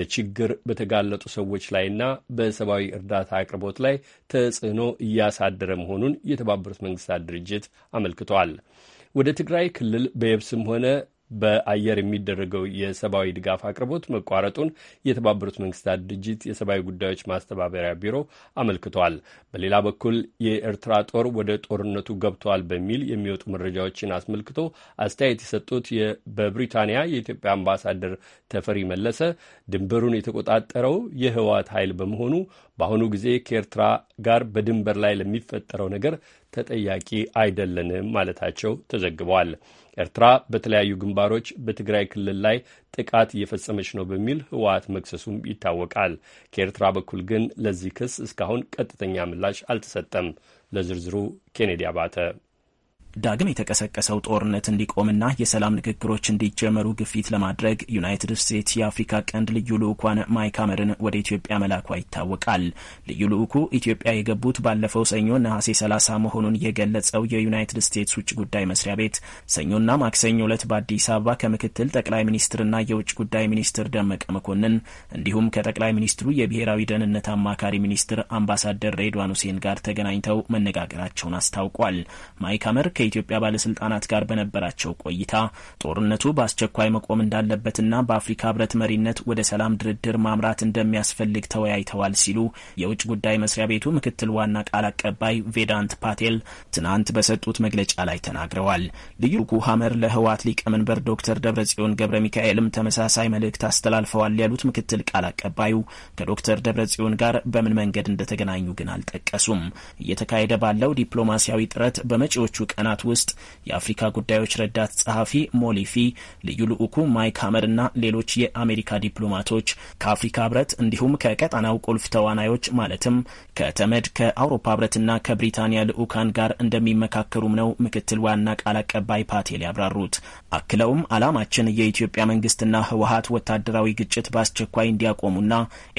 Speaker 1: ለችግር በተጋለጡ ሰዎች ላይና በሰብአዊ እርዳታ አቅርቦት ላይ ተጽዕኖ እያሳደረ መሆኑን የተባበሩት መንግስታት ድርጅት አመልክቷል። ወደ ትግራይ ክልል በየብስም ሆነ በአየር የሚደረገው የሰብአዊ ድጋፍ አቅርቦት መቋረጡን የተባበሩት መንግስታት ድርጅት የሰብአዊ ጉዳዮች ማስተባበሪያ ቢሮ አመልክቷል። በሌላ በኩል የኤርትራ ጦር ወደ ጦርነቱ ገብቷል በሚል የሚወጡ መረጃዎችን አስመልክቶ አስተያየት የሰጡት በብሪታንያ የኢትዮጵያ አምባሳደር ተፈሪ መለሰ ድንበሩን የተቆጣጠረው የህወሓት ኃይል በመሆኑ በአሁኑ ጊዜ ከኤርትራ ጋር በድንበር ላይ ለሚፈጠረው ነገር ተጠያቂ አይደለንም ማለታቸው ተዘግቧል። ኤርትራ በተለያዩ ግንባሮች በትግራይ ክልል ላይ ጥቃት እየፈጸመች ነው በሚል ህወሓት መክሰሱም ይታወቃል። ከኤርትራ በኩል ግን ለዚህ ክስ እስካሁን ቀጥተኛ ምላሽ አልተሰጠም። ለዝርዝሩ ኬኔዲ አባተ
Speaker 9: ዳግም የተቀሰቀሰው ጦርነት እንዲቆምና የሰላም ንግግሮች እንዲጀመሩ ግፊት ለማድረግ ዩናይትድ ስቴትስ የአፍሪካ ቀንድ ልዩ ልዑኳን ማይክ አመርን ወደ ኢትዮጵያ መላኳ ይታወቃል። ልዩ ልዑኩ ኢትዮጵያ የገቡት ባለፈው ሰኞ ነሐሴ 30 መሆኑን የገለጸው የዩናይትድ ስቴትስ ውጭ ጉዳይ መስሪያ ቤት ሰኞና ማክሰኞ ዕለት በአዲስ አበባ ከምክትል ጠቅላይ ሚኒስትርና የውጭ ጉዳይ ሚኒስትር ደመቀ መኮንን እንዲሁም ከጠቅላይ ሚኒስትሩ የብሔራዊ ደህንነት አማካሪ ሚኒስትር አምባሳደር ሬድዋን ሁሴን ጋር ተገናኝተው መነጋገራቸውን አስታውቋል። ማይክ አመር ከ ከኢትዮጵያ ባለስልጣናት ጋር በነበራቸው ቆይታ ጦርነቱ በአስቸኳይ መቆም እንዳለበትና በአፍሪካ ህብረት መሪነት ወደ ሰላም ድርድር ማምራት እንደሚያስፈልግ ተወያይተዋል ሲሉ የውጭ ጉዳይ መስሪያ ቤቱ ምክትል ዋና ቃል አቀባይ ቬዳንት ፓቴል ትናንት በሰጡት መግለጫ ላይ ተናግረዋል። ልዩ ልዑኩ ሀመር ለህወሓት ሊቀመንበር ዶክተር ደብረጽዮን ገብረ ሚካኤልም ተመሳሳይ መልእክት አስተላልፈዋል ያሉት ምክትል ቃል አቀባዩ ከዶክተር ደብረጽዮን ጋር በምን መንገድ እንደተገናኙ ግን አልጠቀሱም። እየተካሄደ ባለው ዲፕሎማሲያዊ ጥረት በመጪዎቹ ቀናት ቀናት ውስጥ የአፍሪካ ጉዳዮች ረዳት ጸሐፊ ሞሊፊ ልዩ ልዑኩ ማይክ ሀመር እና ሌሎች የአሜሪካ ዲፕሎማቶች ከአፍሪካ ህብረት እንዲሁም ከቀጣናው ቁልፍ ተዋናዮች ማለትም ከተመድ ከአውሮፓ ህብረትና ከብሪታንያ ልዑካን ጋር እንደሚመካከሩም ነው ምክትል ዋና ቃል አቀባይ ፓቴል ያብራሩት። አክለውም አላማችን የኢትዮጵያ መንግስትና ህወሀት ወታደራዊ ግጭት በአስቸኳይ እንዲያቆሙና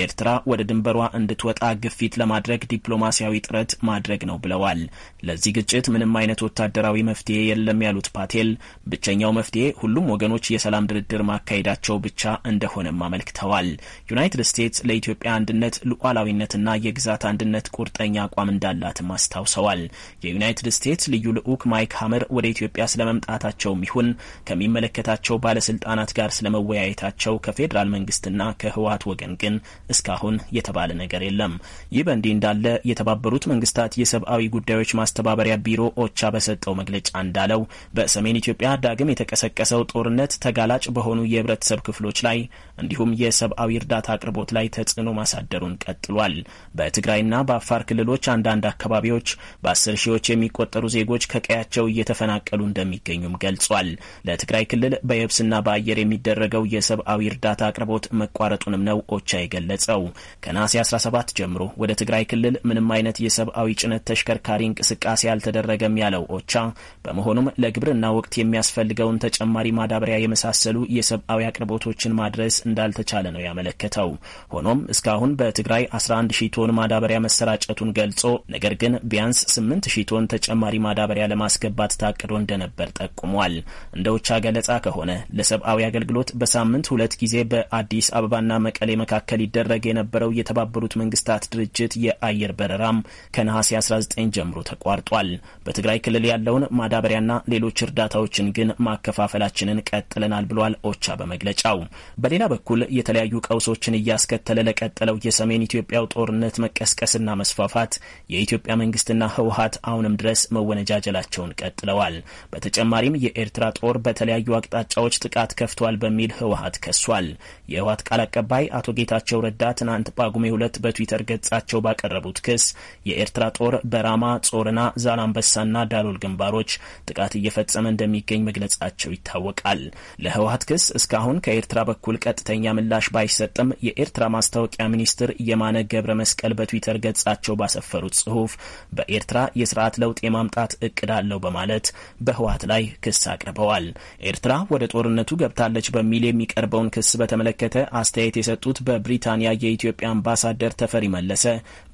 Speaker 9: ኤርትራ ወደ ድንበሯ እንድትወጣ ግፊት ለማድረግ ዲፕሎማሲያዊ ጥረት ማድረግ ነው ብለዋል። ለዚህ ግጭት ምንም አይነት ወታደራዊ ሀገራዊ መፍትሄ የለም ያሉት ፓቴል ብቸኛው መፍትሄ ሁሉም ወገኖች የሰላም ድርድር ማካሄዳቸው ብቻ እንደሆነም አመልክተዋል። ዩናይትድ ስቴትስ ለኢትዮጵያ አንድነት፣ ሉዓላዊነትና የግዛት አንድነት ቁርጠኛ አቋም እንዳላትም አስታውሰዋል። የዩናይትድ ስቴትስ ልዩ ልዑክ ማይክ ሀመር ወደ ኢትዮጵያ ስለመምጣታቸውም ይሁን ከሚመለከታቸው ባለስልጣናት ጋር ስለመወያየታቸው ከፌዴራል መንግስትና ከህወሀት ወገን ግን እስካሁን የተባለ ነገር የለም። ይህ በእንዲህ እንዳለ የተባበሩት መንግስታት የሰብአዊ ጉዳዮች ማስተባበሪያ ቢሮ ኦቻ በሰጠው መግለጫ እንዳለው በሰሜን ኢትዮጵያ ዳግም የተቀሰቀሰው ጦርነት ተጋላጭ በሆኑ የህብረተሰብ ክፍሎች ላይ እንዲሁም የሰብአዊ እርዳታ አቅርቦት ላይ ተጽዕኖ ማሳደሩን ቀጥሏል። በትግራይና በአፋር ክልሎች አንዳንድ አካባቢዎች በአስር ሺዎች የሚቆጠሩ ዜጎች ከቀያቸው እየተፈናቀሉ እንደሚገኙም ገልጿል። ለትግራይ ክልል በየብስና በአየር የሚደረገው የሰብአዊ እርዳታ አቅርቦት መቋረጡንም ነው ኦቻ የገለጸው። ከነሐሴ 17 ጀምሮ ወደ ትግራይ ክልል ምንም አይነት የሰብአዊ ጭነት ተሽከርካሪ እንቅስቃሴ አልተደረገም ያለው ኦቻ በመሆኑም ለግብርና ወቅት የሚያስፈልገውን ተጨማሪ ማዳበሪያ የመሳሰሉ የሰብአዊ አቅርቦቶችን ማድረስ እንዳልተቻለ ነው ያመለከተው። ሆኖም እስካሁን በትግራይ 11 ሺህ ቶን ማዳበሪያ መሰራጨቱን ገልጾ ነገር ግን ቢያንስ 8 ሺህ ቶን ተጨማሪ ማዳበሪያ ለማስገባት ታቅዶ እንደነበር ጠቁሟል። እንደ ውቻ ገለጻ ከሆነ ለሰብአዊ አገልግሎት በሳምንት ሁለት ጊዜ በአዲስ አበባና መቀሌ መካከል ይደረግ የነበረው የተባበሩት መንግስታት ድርጅት የአየር በረራም ከነሐሴ 19 ጀምሮ ተቋርጧል። በትግራይ ክልል ያለ ያለውን ማዳበሪያና ሌሎች እርዳታዎችን ግን ማከፋፈላችንን ቀጥለናል ብሏል ኦቻ በመግለጫው። በሌላ በኩል የተለያዩ ቀውሶችን እያስከተለ ለቀጠለው የሰሜን ኢትዮጵያው ጦርነት መቀስቀስና መስፋፋት የኢትዮጵያ መንግስትና ህወሀት አሁንም ድረስ መወነጃጀላቸውን ቀጥለዋል። በተጨማሪም የኤርትራ ጦር በተለያዩ አቅጣጫዎች ጥቃት ከፍቷል በሚል ህወሀት ከሷል። የህወሀት ቃል አቀባይ አቶ ጌታቸው ረዳ ትናንት ጳጉሜ ሁለት በትዊተር ገጻቸው ባቀረቡት ክስ የኤርትራ ጦር በራማ ጾርና፣ ዛላምበሳና ዳሎል ግንባሮች ጥቃት እየፈጸመ እንደሚገኝ መግለጻቸው ይታወቃል። ለህወሀት ክስ እስካሁን ከኤርትራ በኩል ቀጥተኛ ምላሽ ባይሰጥም የኤርትራ ማስታወቂያ ሚኒስትር የማነ ገብረ መስቀል በትዊተር ገጻቸው ባሰፈሩት ጽሁፍ በኤርትራ የስርዓት ለውጥ የማምጣት እቅድ አለው በማለት በህወሀት ላይ ክስ አቅርበዋል። ኤርትራ ወደ ጦርነቱ ገብታለች በሚል የሚቀርበውን ክስ በተመለከተ አስተያየት የሰጡት በብሪታንያ የኢትዮጵያ አምባሳደር ተፈሪ መለሰ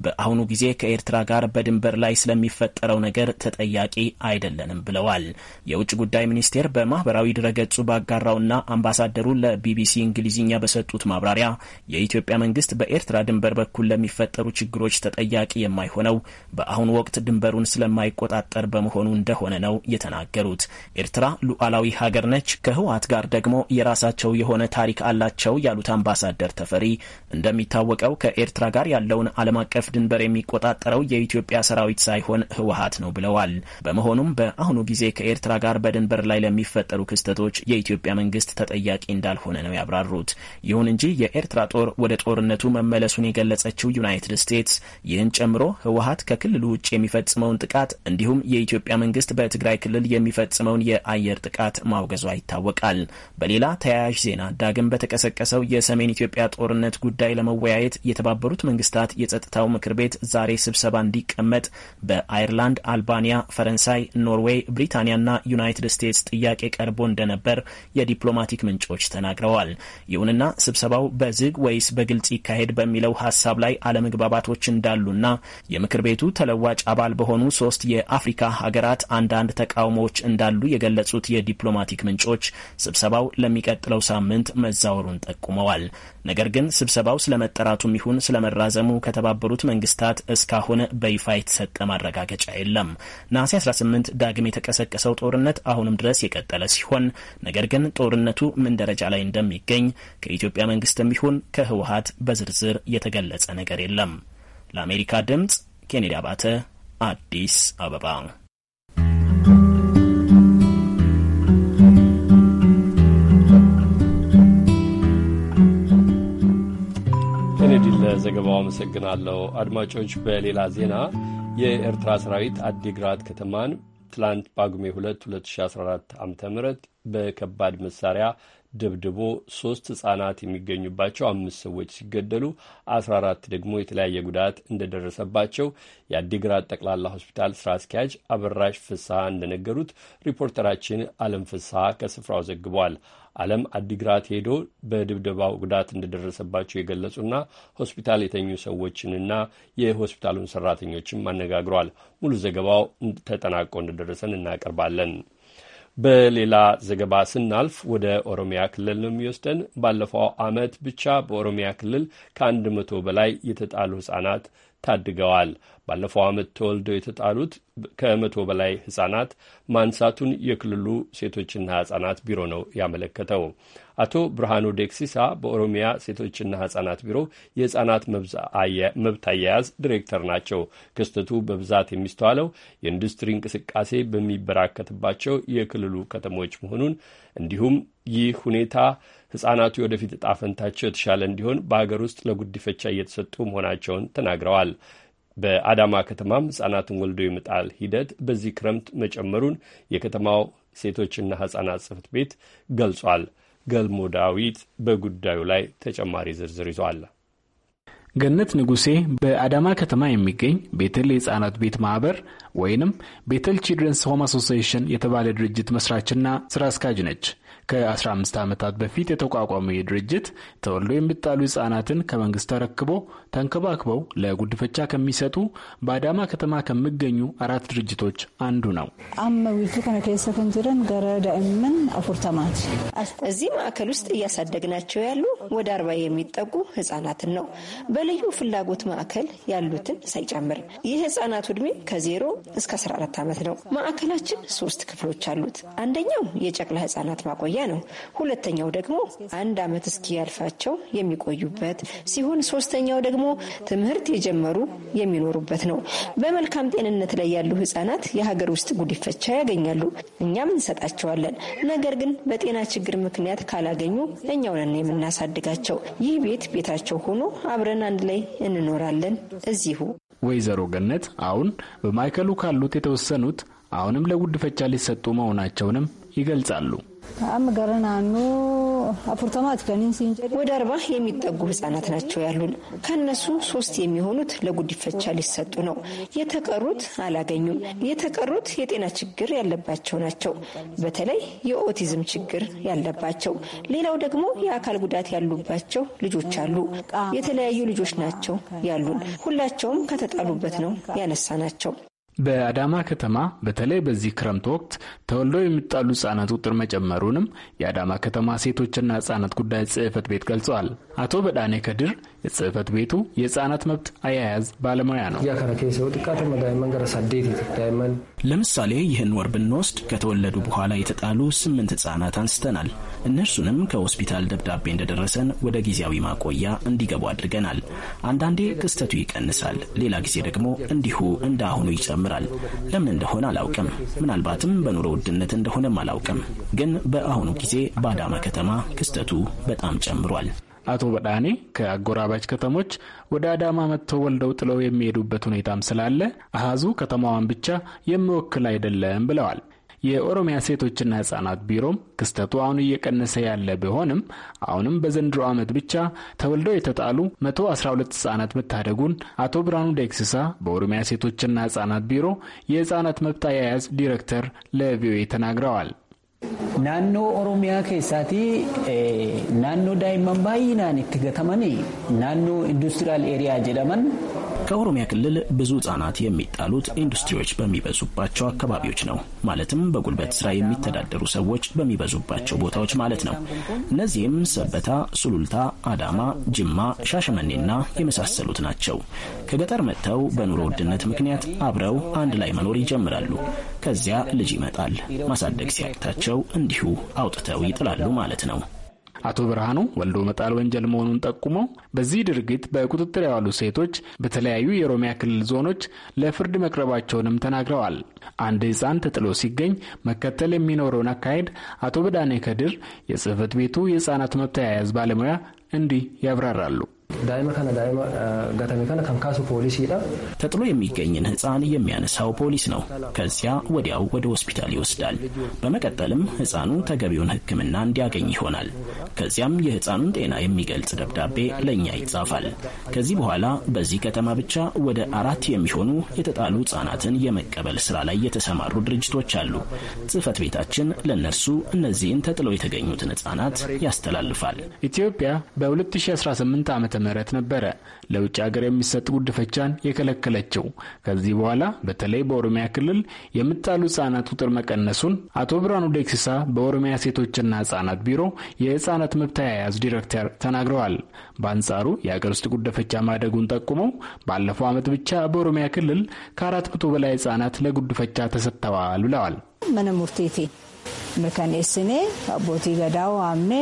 Speaker 9: በአሁኑ ጊዜ ከኤርትራ ጋር በድንበር ላይ ስለሚፈጠረው ነገር ተጠያቂ አ አይደለንም ብለዋል። የውጭ ጉዳይ ሚኒስቴር በማህበራዊ ድረገጹ ባጋራውና አምባሳደሩ ለቢቢሲ እንግሊዝኛ በሰጡት ማብራሪያ የኢትዮጵያ መንግስት በኤርትራ ድንበር በኩል ለሚፈጠሩ ችግሮች ተጠያቂ የማይሆነው በአሁኑ ወቅት ድንበሩን ስለማይቆጣጠር በመሆኑ እንደሆነ ነው የተናገሩት። ኤርትራ ሉዓላዊ ሀገር ነች፣ ከህወሓት ጋር ደግሞ የራሳቸው የሆነ ታሪክ አላቸው ያሉት አምባሳደር ተፈሪ እንደሚታወቀው ከኤርትራ ጋር ያለውን ዓለም አቀፍ ድንበር የሚቆጣጠረው የኢትዮጵያ ሰራዊት ሳይሆን ህወሓት ነው ብለዋል። በመሆኑ ቢሆኑም በአሁኑ ጊዜ ከኤርትራ ጋር በድንበር ላይ ለሚፈጠሩ ክስተቶች የኢትዮጵያ መንግስት ተጠያቂ እንዳልሆነ ነው ያብራሩት። ይሁን እንጂ የኤርትራ ጦር ወደ ጦርነቱ መመለሱን የገለጸችው ዩናይትድ ስቴትስ ይህን ጨምሮ ህወሀት ከክልሉ ውጭ የሚፈጽመውን ጥቃት እንዲሁም የኢትዮጵያ መንግስት በትግራይ ክልል የሚፈጽመውን የአየር ጥቃት ማውገዟ ይታወቃል። በሌላ ተያያዥ ዜና ዳግም በተቀሰቀሰው የሰሜን ኢትዮጵያ ጦርነት ጉዳይ ለመወያየት የተባበሩት መንግስታት የጸጥታው ምክር ቤት ዛሬ ስብሰባ እንዲቀመጥ በአይርላንድ፣ አልባንያ፣ ፈረንሳይ፣ ኖርዌይ፣ ብሪታንያና ዩናይትድ ስቴትስ ጥያቄ ቀርቦ እንደነበር የዲፕሎማቲክ ምንጮች ተናግረዋል። ይሁንና ስብሰባው በዝግ ወይስ በግልጽ ይካሄድ በሚለው ሀሳብ ላይ አለመግባባቶች እንዳሉና የምክር ቤቱ ተለዋጭ አባል በሆኑ ሶስት የአፍሪካ ሀገራት አንዳንድ ተቃውሞዎች እንዳሉ የገለጹት የዲፕሎማቲክ ምንጮች ስብሰባው ለሚቀጥለው ሳምንት መዛወሩን ጠቁመዋል። ነገር ግን ስብሰባው ስለመጠራቱም ይሁን ስለመራዘሙ ከተባበሩት መንግስታት እስካሁን በይፋ የተሰጠ ማረጋገጫ የለም። ነሐሴ 18 ዳግም የተቀሰቀሰው ጦርነት አሁንም ድረስ የቀጠለ ሲሆን ነገር ግን ጦርነቱ ምን ደረጃ ላይ እንደሚገኝ ከኢትዮጵያ መንግስትም ይሁን ከህወሀት በዝርዝር የተገለጸ ነገር የለም። ለአሜሪካ ድምጽ ኬኔዲ አባተ አዲስ አበባ
Speaker 1: ለዘገባው አመሰግናለሁ። አድማጮች፣ በሌላ ዜና የኤርትራ ሰራዊት አዲግራት ከተማን ትላንት ጳጉሜ 2 2014 ዓ ም በከባድ መሳሪያ ደብድቦ ሶስት ህጻናት የሚገኙባቸው አምስት ሰዎች ሲገደሉ አስራ አራት ደግሞ የተለያየ ጉዳት እንደደረሰባቸው የአዲግራት ጠቅላላ ሆስፒታል ስራ አስኪያጅ አበራሽ ፍስሐ እንደነገሩት ሪፖርተራችን አለም ፍስሐ ከስፍራው ዘግቧል። አለም አዲግራት ሄዶ በድብደባው ጉዳት እንደደረሰባቸው የገለጹና ሆስፒታል የተኙ ሰዎችንና የሆስፒታሉን ሰራተኞችም አነጋግሯል። ሙሉ ዘገባው ተጠናቆ እንደደረሰን እናቀርባለን። በሌላ ዘገባ ስናልፍ ወደ ኦሮሚያ ክልል ነው የሚወስደን። ባለፈው ዓመት ብቻ በኦሮሚያ ክልል ከአንድ መቶ በላይ የተጣሉ ህጻናት ታድገዋል። ባለፈው ዓመት ተወልደው የተጣሉት ከመቶ በላይ ህጻናት ማንሳቱን የክልሉ ሴቶችና ህጻናት ቢሮ ነው ያመለከተው። አቶ ብርሃኑ ዴክሲሳ በኦሮሚያ ሴቶችና ህጻናት ቢሮ የህጻናት መብት አያያዝ ዲሬክተር ናቸው። ክስተቱ በብዛት የሚስተዋለው የኢንዱስትሪ እንቅስቃሴ በሚበራከትባቸው የክልሉ ከተሞች መሆኑን እንዲሁም ይህ ሁኔታ ህጻናቱ የወደፊት እጣ ፈንታቸው የተሻለ እንዲሆን በሀገር ውስጥ ለጉዲፈቻ እየተሰጡ መሆናቸውን ተናግረዋል። በአዳማ ከተማም ህጻናትን ወልዶ የመጣል ሂደት በዚህ ክረምት መጨመሩን የከተማው ሴቶችና ህጻናት ጽሕፈት ቤት ገልጿል። ገልሞ ዳዊት በጉዳዩ ላይ ተጨማሪ ዝርዝር ይዟል።
Speaker 10: ገነት ንጉሴ በአዳማ ከተማ የሚገኝ ቤተል የህጻናት ቤት ማኅበር ወይንም ቤተል ቺልድረንስ ሆም አሶሲሽን የተባለ ድርጅት መስራችና ስራ አስኪያጅ ነች። ከ15 ዓመታት በፊት የተቋቋመው ድርጅት ተወልዶ የሚጣሉ ህጻናትን ከመንግስት ተረክቦ ተንከባክበው ለጉድፈቻ ከሚሰጡ በአዳማ ከተማ ከሚገኙ አራት ድርጅቶች አንዱ ነው።
Speaker 11: እዚህ ማዕከል ውስጥ እያሳደግናቸው ያሉ ወደ አርባ የሚጠጉ ህጻናትን ነው። በልዩ ፍላጎት ማዕከል ያሉትን ሳይጨምር ይህ ህጻናት ዕድሜ ከዜሮ እስከ 14 ዓመት ነው። ማዕከላችን ሶስት ክፍሎች አሉት። አንደኛው የጨቅላ ህጻናት ማቆያ ነው። ሁለተኛው ደግሞ አንድ ዓመት እስኪያልፋቸው የሚቆዩበት ሲሆን፣ ሶስተኛው ደግሞ ትምህርት የጀመሩ የሚኖሩበት ነው። በመልካም ጤንነት ላይ ያሉ ህጻናት የሀገር ውስጥ ጉዲፈቻ ያገኛሉ፣ እኛም እንሰጣቸዋለን። ነገር ግን በጤና ችግር ምክንያት ካላገኙ እኛው ነን የምናሳድጋቸው። ይህ ቤት ቤታቸው ሆኖ አብረን አንድ ላይ እንኖራለን እዚሁ
Speaker 10: ወይዘሮ ገነት አሁን በማዕከሉ ካሉት የተወሰኑት አሁንም ለጉድፈቻ ሊሰጡ መሆናቸውንም ይገልጻሉ።
Speaker 11: ወደ አርባ የሚጠጉ ህጻናት ናቸው ያሉን። ከነሱ ሶስት የሚሆኑት ለጉዲፈቻ ሊሰጡ ነው። የተቀሩት አላገኙም። የተቀሩት የጤና ችግር ያለባቸው ናቸው። በተለይ የኦቲዝም ችግር ያለባቸው፣ ሌላው ደግሞ የአካል ጉዳት ያሉባቸው ልጆች አሉ። የተለያዩ ልጆች ናቸው ያሉን። ሁላቸውም ከተጣሉበት ነው ያነሳ ናቸው።
Speaker 10: በአዳማ ከተማ በተለይ በዚህ ክረምት ወቅት ተወልደው የሚጣሉ ህጻናት ቁጥር መጨመሩንም የአዳማ ከተማ ሴቶችና ህጻናት ጉዳይ ጽህፈት ቤት ገልጸዋል። አቶ በዳኔ ከድር የጽህፈት ቤቱ የህፃናት መብት አያያዝ ባለሙያ
Speaker 9: ነው። ለምሳሌ ይህን ወር ብንወስድ ከተወለዱ በኋላ የተጣሉ ስምንት ህጻናት አንስተናል። እነርሱንም ከሆስፒታል ደብዳቤ እንደደረሰን ወደ ጊዜያዊ ማቆያ እንዲገቡ አድርገናል። አንዳንዴ ክስተቱ ይቀንሳል፣ ሌላ ጊዜ ደግሞ እንዲሁ እንደ አሁኑ ይጨምራል። ለምን እንደሆነ አላውቅም። ምናልባትም በኑሮ ውድነት እንደሆነም አላውቅም። ግን በአሁኑ ጊዜ በአዳማ ከተማ ክስተቱ በጣም ጨምሯል። አቶ በዳኔ ከአጎራባች ከተሞች ወደ አዳማ መጥተው ወልደው ጥለው
Speaker 10: የሚሄዱበት ሁኔታም ስላለ አሃዙ ከተማዋን ብቻ የሚወክል አይደለም ብለዋል። የኦሮሚያ ሴቶችና ህጻናት ቢሮም ክስተቱ አሁን እየቀነሰ ያለ ቢሆንም አሁንም በዘንድሮ ዓመት ብቻ ተወልደው የተጣሉ 112 ህጻናት መታደጉን አቶ ብርሃኑ ደክስሳ በኦሮሚያ ሴቶችና ህጻናት ቢሮ የህጻናት መብት አያያዝ ዲሬክተር ለቪኦኤ ተናግረዋል።
Speaker 9: Naannoo Oromiyaa keessaatii naannoo daa'imman baay'inaan itti gatamanii naannoo industiriyaal eeriyaa jedhaman ከኦሮሚያ ክልል ብዙ ህጻናት የሚጣሉት ኢንዱስትሪዎች በሚበዙባቸው አካባቢዎች ነው። ማለትም በጉልበት ስራ የሚተዳደሩ ሰዎች በሚበዙባቸው ቦታዎች ማለት ነው። እነዚህም ሰበታ፣ ሱሉልታ፣ አዳማ፣ ጅማ፣ ሻሸመኔና የመሳሰሉት ናቸው። ከገጠር መጥተው በኑሮ ውድነት ምክንያት አብረው አንድ ላይ መኖር ይጀምራሉ። ከዚያ ልጅ ይመጣል። ማሳደግ ሲያቅታቸው እንዲሁ አውጥተው ይጥላሉ ማለት ነው። አቶ ብርሃኑ
Speaker 10: ወልዶ መጣል ወንጀል መሆኑን ጠቁመው በዚህ ድርጊት በቁጥጥር የዋሉ ሴቶች በተለያዩ የኦሮሚያ ክልል ዞኖች ለፍርድ መቅረባቸውንም ተናግረዋል። አንድ ሕፃን ተጥሎ ሲገኝ መከተል የሚኖረውን አካሄድ አቶ በዳኔ ከድር የጽህፈት ቤቱ የህፃናት መብት አያያዝ
Speaker 9: ባለሙያ እንዲህ ያብራራሉ። ዳይማ ከነ ዳይማ ጋተሜ ከነ ከንካሱ ፖሊሲዳ ተጥሎ የሚገኝን ህፃን የሚያነሳው ፖሊስ ነው። ከዚያ ወዲያው ወደ ሆስፒታል ይወስዳል። በመቀጠልም ህፃኑ ተገቢውን ሕክምና እንዲያገኝ ይሆናል። ከዚያም የህፃኑን ጤና የሚገልጽ ደብዳቤ ለእኛ ይጻፋል። ከዚህ በኋላ በዚህ ከተማ ብቻ ወደ አራት የሚሆኑ የተጣሉ ህፃናትን የመቀበል ስራ ላይ የተሰማሩ ድርጅቶች አሉ። ጽህፈት ቤታችን ለእነርሱ እነዚህን ተጥለው የተገኙትን ህፃናት ያስተላልፋል።
Speaker 10: ኢትዮጵያ በ2018 ዓ ምህረት ነበረ ለውጭ ሀገር የሚሰጥ ጉድፈቻን የከለከለችው። ከዚህ በኋላ በተለይ በኦሮሚያ ክልል የምጣሉ ህጻናት ቁጥር መቀነሱን አቶ ብርሃኑ ደክሲሳ በኦሮሚያ ሴቶችና ህጻናት ቢሮ የህጻናት መብት አያያዝ ዲሬክተር ተናግረዋል። በአንጻሩ የአገር ውስጥ ጉድፈቻ ማደጉን ጠቁመው ባለፈው ዓመት ብቻ በኦሮሚያ ክልል ከአራት መቶ በላይ ህጻናት ለጉድፈቻ ተሰጥተዋል ብለዋል።
Speaker 11: መነ ሙርቲቲ መካኔስኔ አቦቲ ገዳው አምኔ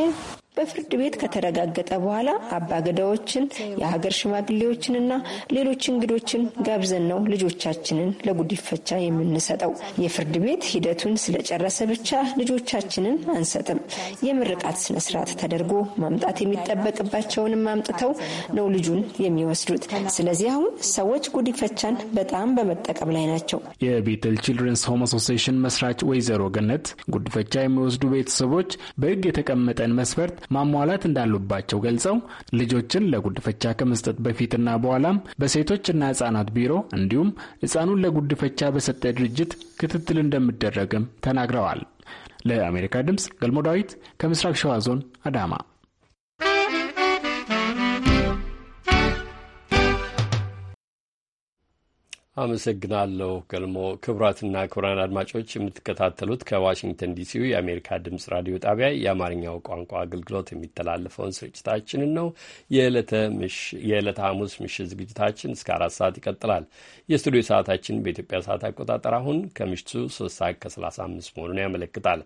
Speaker 11: በፍርድ ቤት ከተረጋገጠ በኋላ አባገዳዎችን፣ የሀገር ሽማግሌዎችንና ሌሎች እንግዶችን ጋብዘን ነው ልጆቻችንን ለጉዲፈቻ የምንሰጠው። የፍርድ ቤት ሂደቱን ስለጨረሰ ብቻ ልጆቻችንን አንሰጥም። የምርቃት ስነስርዓት ተደርጎ ማምጣት የሚጠበቅባቸውንም አምጥተው ነው ልጁን የሚወስዱት። ስለዚህ አሁን ሰዎች ጉዲፈቻን በጣም በመጠቀም ላይ ናቸው።
Speaker 10: የቤተል ችልድረንስ ሆም አሶሲሽን መስራች ወይዘሮ ገነት ጉዲፈቻ የሚወስዱ ቤተሰቦች በህግ የተቀመጠን መስፈርት ማሟላት እንዳሉባቸው ገልጸው ልጆችን ለጉድፈቻ ከመስጠት በፊትና በኋላም በሴቶችና ህጻናት ቢሮ እንዲሁም ህጻኑን ለጉድፈቻ በሰጠ ድርጅት ክትትል እንደሚደረግም ተናግረዋል። ለአሜሪካ ድምፅ ገልሞ ዳዊት ከምስራቅ ሸዋ ዞን አዳማ
Speaker 1: አመሰግናለሁ ገልሞ። ክቡራትና ክቡራን አድማጮች የምትከታተሉት ከዋሽንግተን ዲሲው የአሜሪካ ድምጽ ራዲዮ ጣቢያ የአማርኛው ቋንቋ አገልግሎት የሚተላለፈውን ስርጭታችንን ነው። የዕለተ ሐሙስ ምሽት ዝግጅታችን እስከ አራት ሰዓት ይቀጥላል። የስቱዲዮ ሰዓታችን በኢትዮጵያ ሰዓት አቆጣጠር አሁን ከምሽቱ ሶስት ሰዓት ከሰላሳ አምስት መሆኑን ያመለክታል።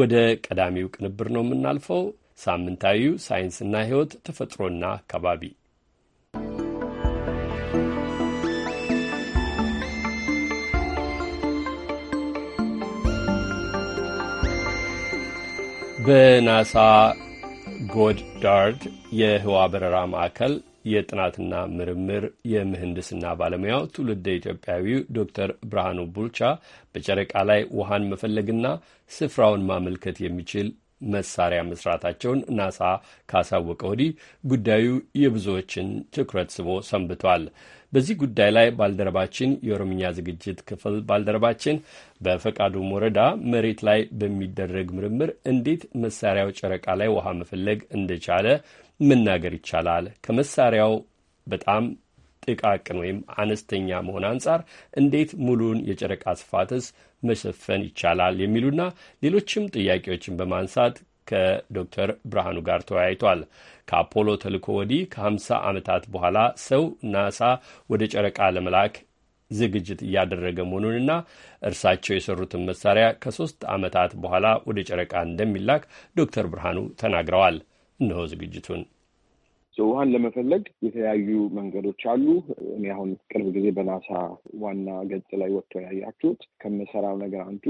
Speaker 1: ወደ ቀዳሚው ቅንብር ነው የምናልፈው። ሳምንታዊው ሳይንስና ሕይወት ተፈጥሮና አካባቢ በናሳ ጎድዳርድ የህዋ በረራ ማዕከል የጥናትና ምርምር የምህንድስና ባለሙያው ትውልደ ኢትዮጵያዊው ዶክተር ብርሃኑ ቡልቻ በጨረቃ ላይ ውሃን መፈለግና ስፍራውን ማመልከት የሚችል መሳሪያ መስራታቸውን ናሳ ካሳወቀ ወዲህ ጉዳዩ የብዙዎችን ትኩረት ስቦ ሰንብቷል። በዚህ ጉዳይ ላይ ባልደረባችን የኦሮምኛ ዝግጅት ክፍል ባልደረባችን በፈቃዱ ወረዳ መሬት ላይ በሚደረግ ምርምር እንዴት መሳሪያው ጨረቃ ላይ ውሃ መፈለግ እንደቻለ መናገር ይቻላል። ከመሳሪያው በጣም ጥቃቅን ወይም አነስተኛ መሆን አንጻር እንዴት ሙሉን የጨረቃ ስፋትስ መሸፈን ይቻላል? የሚሉና ሌሎችም ጥያቄዎችን በማንሳት ከዶክተር ብርሃኑ ጋር ተወያይቷል። ከአፖሎ ተልእኮ ወዲህ ከ50 ዓመታት በኋላ ሰው ናሳ ወደ ጨረቃ ለመላክ ዝግጅት እያደረገ መሆኑንና እርሳቸው የሰሩትን መሳሪያ ከሶስት ዓመታት በኋላ ወደ ጨረቃ እንደሚላክ ዶክተር ብርሃኑ ተናግረዋል። እነሆ ዝግጅቱን።
Speaker 5: ውሃን ለመፈለግ የተለያዩ መንገዶች አሉ። እኔ አሁን ቅርብ ጊዜ በናሳ ዋና ገጽ ላይ ወጥቶ ያያችሁት ከምሰራው ነገር አንዱ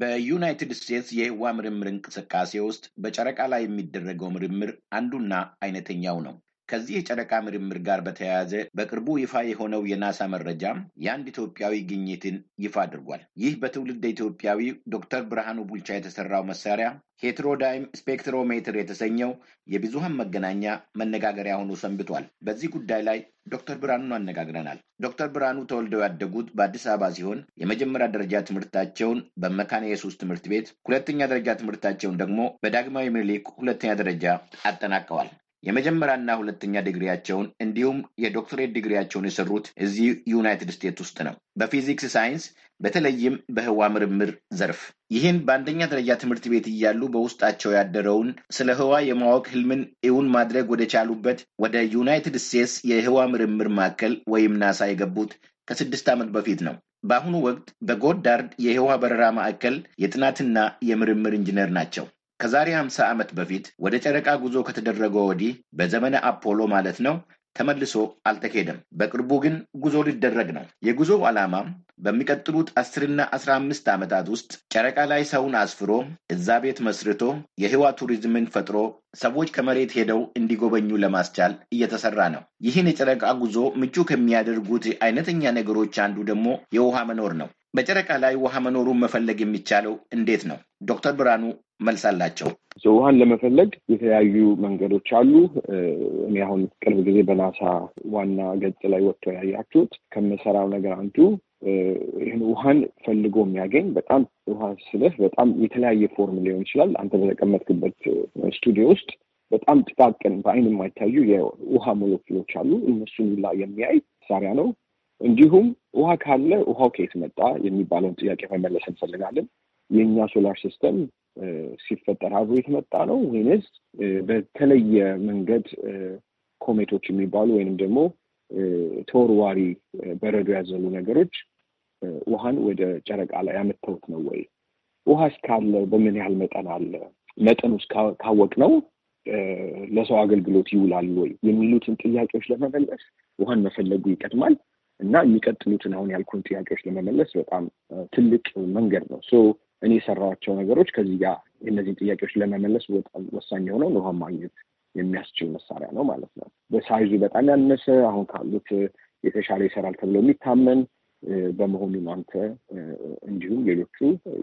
Speaker 12: በዩናይትድ ስቴትስ የህዋ ምርምር እንቅስቃሴ ውስጥ በጨረቃ ላይ የሚደረገው ምርምር አንዱና አይነተኛው ነው። ከዚህ የጨረቃ ምርምር ጋር በተያያዘ በቅርቡ ይፋ የሆነው የናሳ መረጃ የአንድ ኢትዮጵያዊ ግኝትን ይፋ አድርጓል። ይህ በትውልድ ኢትዮጵያዊ ዶክተር ብርሃኑ ቡልቻ የተሰራው መሳሪያ ሄትሮዳይም ስፔክትሮሜትር የተሰኘው የብዙሃን መገናኛ መነጋገሪያ ሆኖ ሰንብቷል። በዚህ ጉዳይ ላይ ዶክተር ብርሃኑን አነጋግረናል። ዶክተር ብርሃኑ ተወልደው ያደጉት በአዲስ አበባ ሲሆን የመጀመሪያ ደረጃ ትምህርታቸውን በመካነ ኢየሱስ ትምህርት ቤት፣ ሁለተኛ ደረጃ ትምህርታቸውን ደግሞ በዳግማዊ ምኒልክ ሁለተኛ ደረጃ አጠናቀዋል። የመጀመሪያና ሁለተኛ ዲግሪያቸውን እንዲሁም የዶክትሬት ዲግሪያቸውን የሰሩት እዚህ ዩናይትድ ስቴትስ ውስጥ ነው፣ በፊዚክስ ሳይንስ በተለይም በህዋ ምርምር ዘርፍ። ይህን በአንደኛ ደረጃ ትምህርት ቤት እያሉ በውስጣቸው ያደረውን ስለ ህዋ የማወቅ ህልምን እውን ማድረግ ወደ ቻሉበት ወደ ዩናይትድ ስቴትስ የህዋ ምርምር ማዕከል ወይም ናሳ የገቡት ከስድስት ዓመት በፊት ነው። በአሁኑ ወቅት በጎዳርድ የህዋ በረራ ማዕከል የጥናትና የምርምር ኢንጂነር ናቸው። ከዛሬ 50 ዓመት በፊት ወደ ጨረቃ ጉዞ ከተደረገ ወዲህ በዘመነ አፖሎ ማለት ነው ተመልሶ አልተካሄደም። በቅርቡ ግን ጉዞ ሊደረግ ነው። የጉዞው ዓላማ በሚቀጥሉት አስርና አስራ አምስት ዓመታት ውስጥ ጨረቃ ላይ ሰውን አስፍሮ እዛ ቤት መስርቶ የህዋ ቱሪዝምን ፈጥሮ ሰዎች ከመሬት ሄደው እንዲጎበኙ ለማስቻል እየተሰራ ነው። ይህን የጨረቃ ጉዞ ምቹ ከሚያደርጉት አይነተኛ ነገሮች አንዱ ደግሞ የውሃ መኖር ነው። በጨረቃ ላይ ውሃ መኖሩን መፈለግ የሚቻለው እንዴት ነው? ዶክተር ብርሃኑ መልስ አላቸው።
Speaker 5: ውሃን ለመፈለግ የተለያዩ መንገዶች አሉ። እኔ አሁን ቅርብ ጊዜ በናሳ ዋና ገጽ ላይ ወጥቶ ያያችሁት ከምሰራው ነገር አንዱ ይህን ውሃን ፈልጎ የሚያገኝ በጣም ውሃ ስለህ በጣም የተለያየ ፎርም ሊሆን ይችላል። አንተ በተቀመጥክበት ስቱዲዮ ውስጥ በጣም ጥቃቅን በአይን የማይታዩ የውሃ ሞለኪሎች አሉ። እነሱን ላ የሚያይ መሳሪያ ነው። እንዲሁም ውሃ ካለ ውሃው ከየት መጣ የሚባለውን ጥያቄ መመለስ እንፈልጋለን። የእኛ ሶላር ሲስተም ሲፈጠር አብሮ የተመጣ ነው ወይንስ በተለየ መንገድ ኮሜቶች የሚባሉ ወይንም ደግሞ ተወርዋሪ በረዶ ያዘሉ ነገሮች ውሃን ወደ ጨረቃ ላይ ያመተውት ነው ወይ? ውሃ እስካለ በምን ያህል መጠን አለ? መጠኑ ካወቅ ነው ለሰው አገልግሎት ይውላል ወይ የሚሉትን ጥያቄዎች ለመመለስ ውሃን መፈለጉ ይቀድማል። እና የሚቀጥሉትን አሁን ያልኩን ጥያቄዎች ለመመለስ በጣም ትልቅ መንገድ ነው። ሶ እኔ የሰራኋቸው ነገሮች ከዚህ ጋር እነዚህን ጥያቄዎች ለመመለስ በጣም ወሳኝ የሆነውን ውሃ ማግኘት የሚያስችል መሳሪያ ነው ማለት ነው። በሳይዙ በጣም ያነሰ አሁን ካሉት የተሻለ ይሰራል ተብሎ የሚታመን በመሆኑ አንተ እንዲሁም ሌሎቹ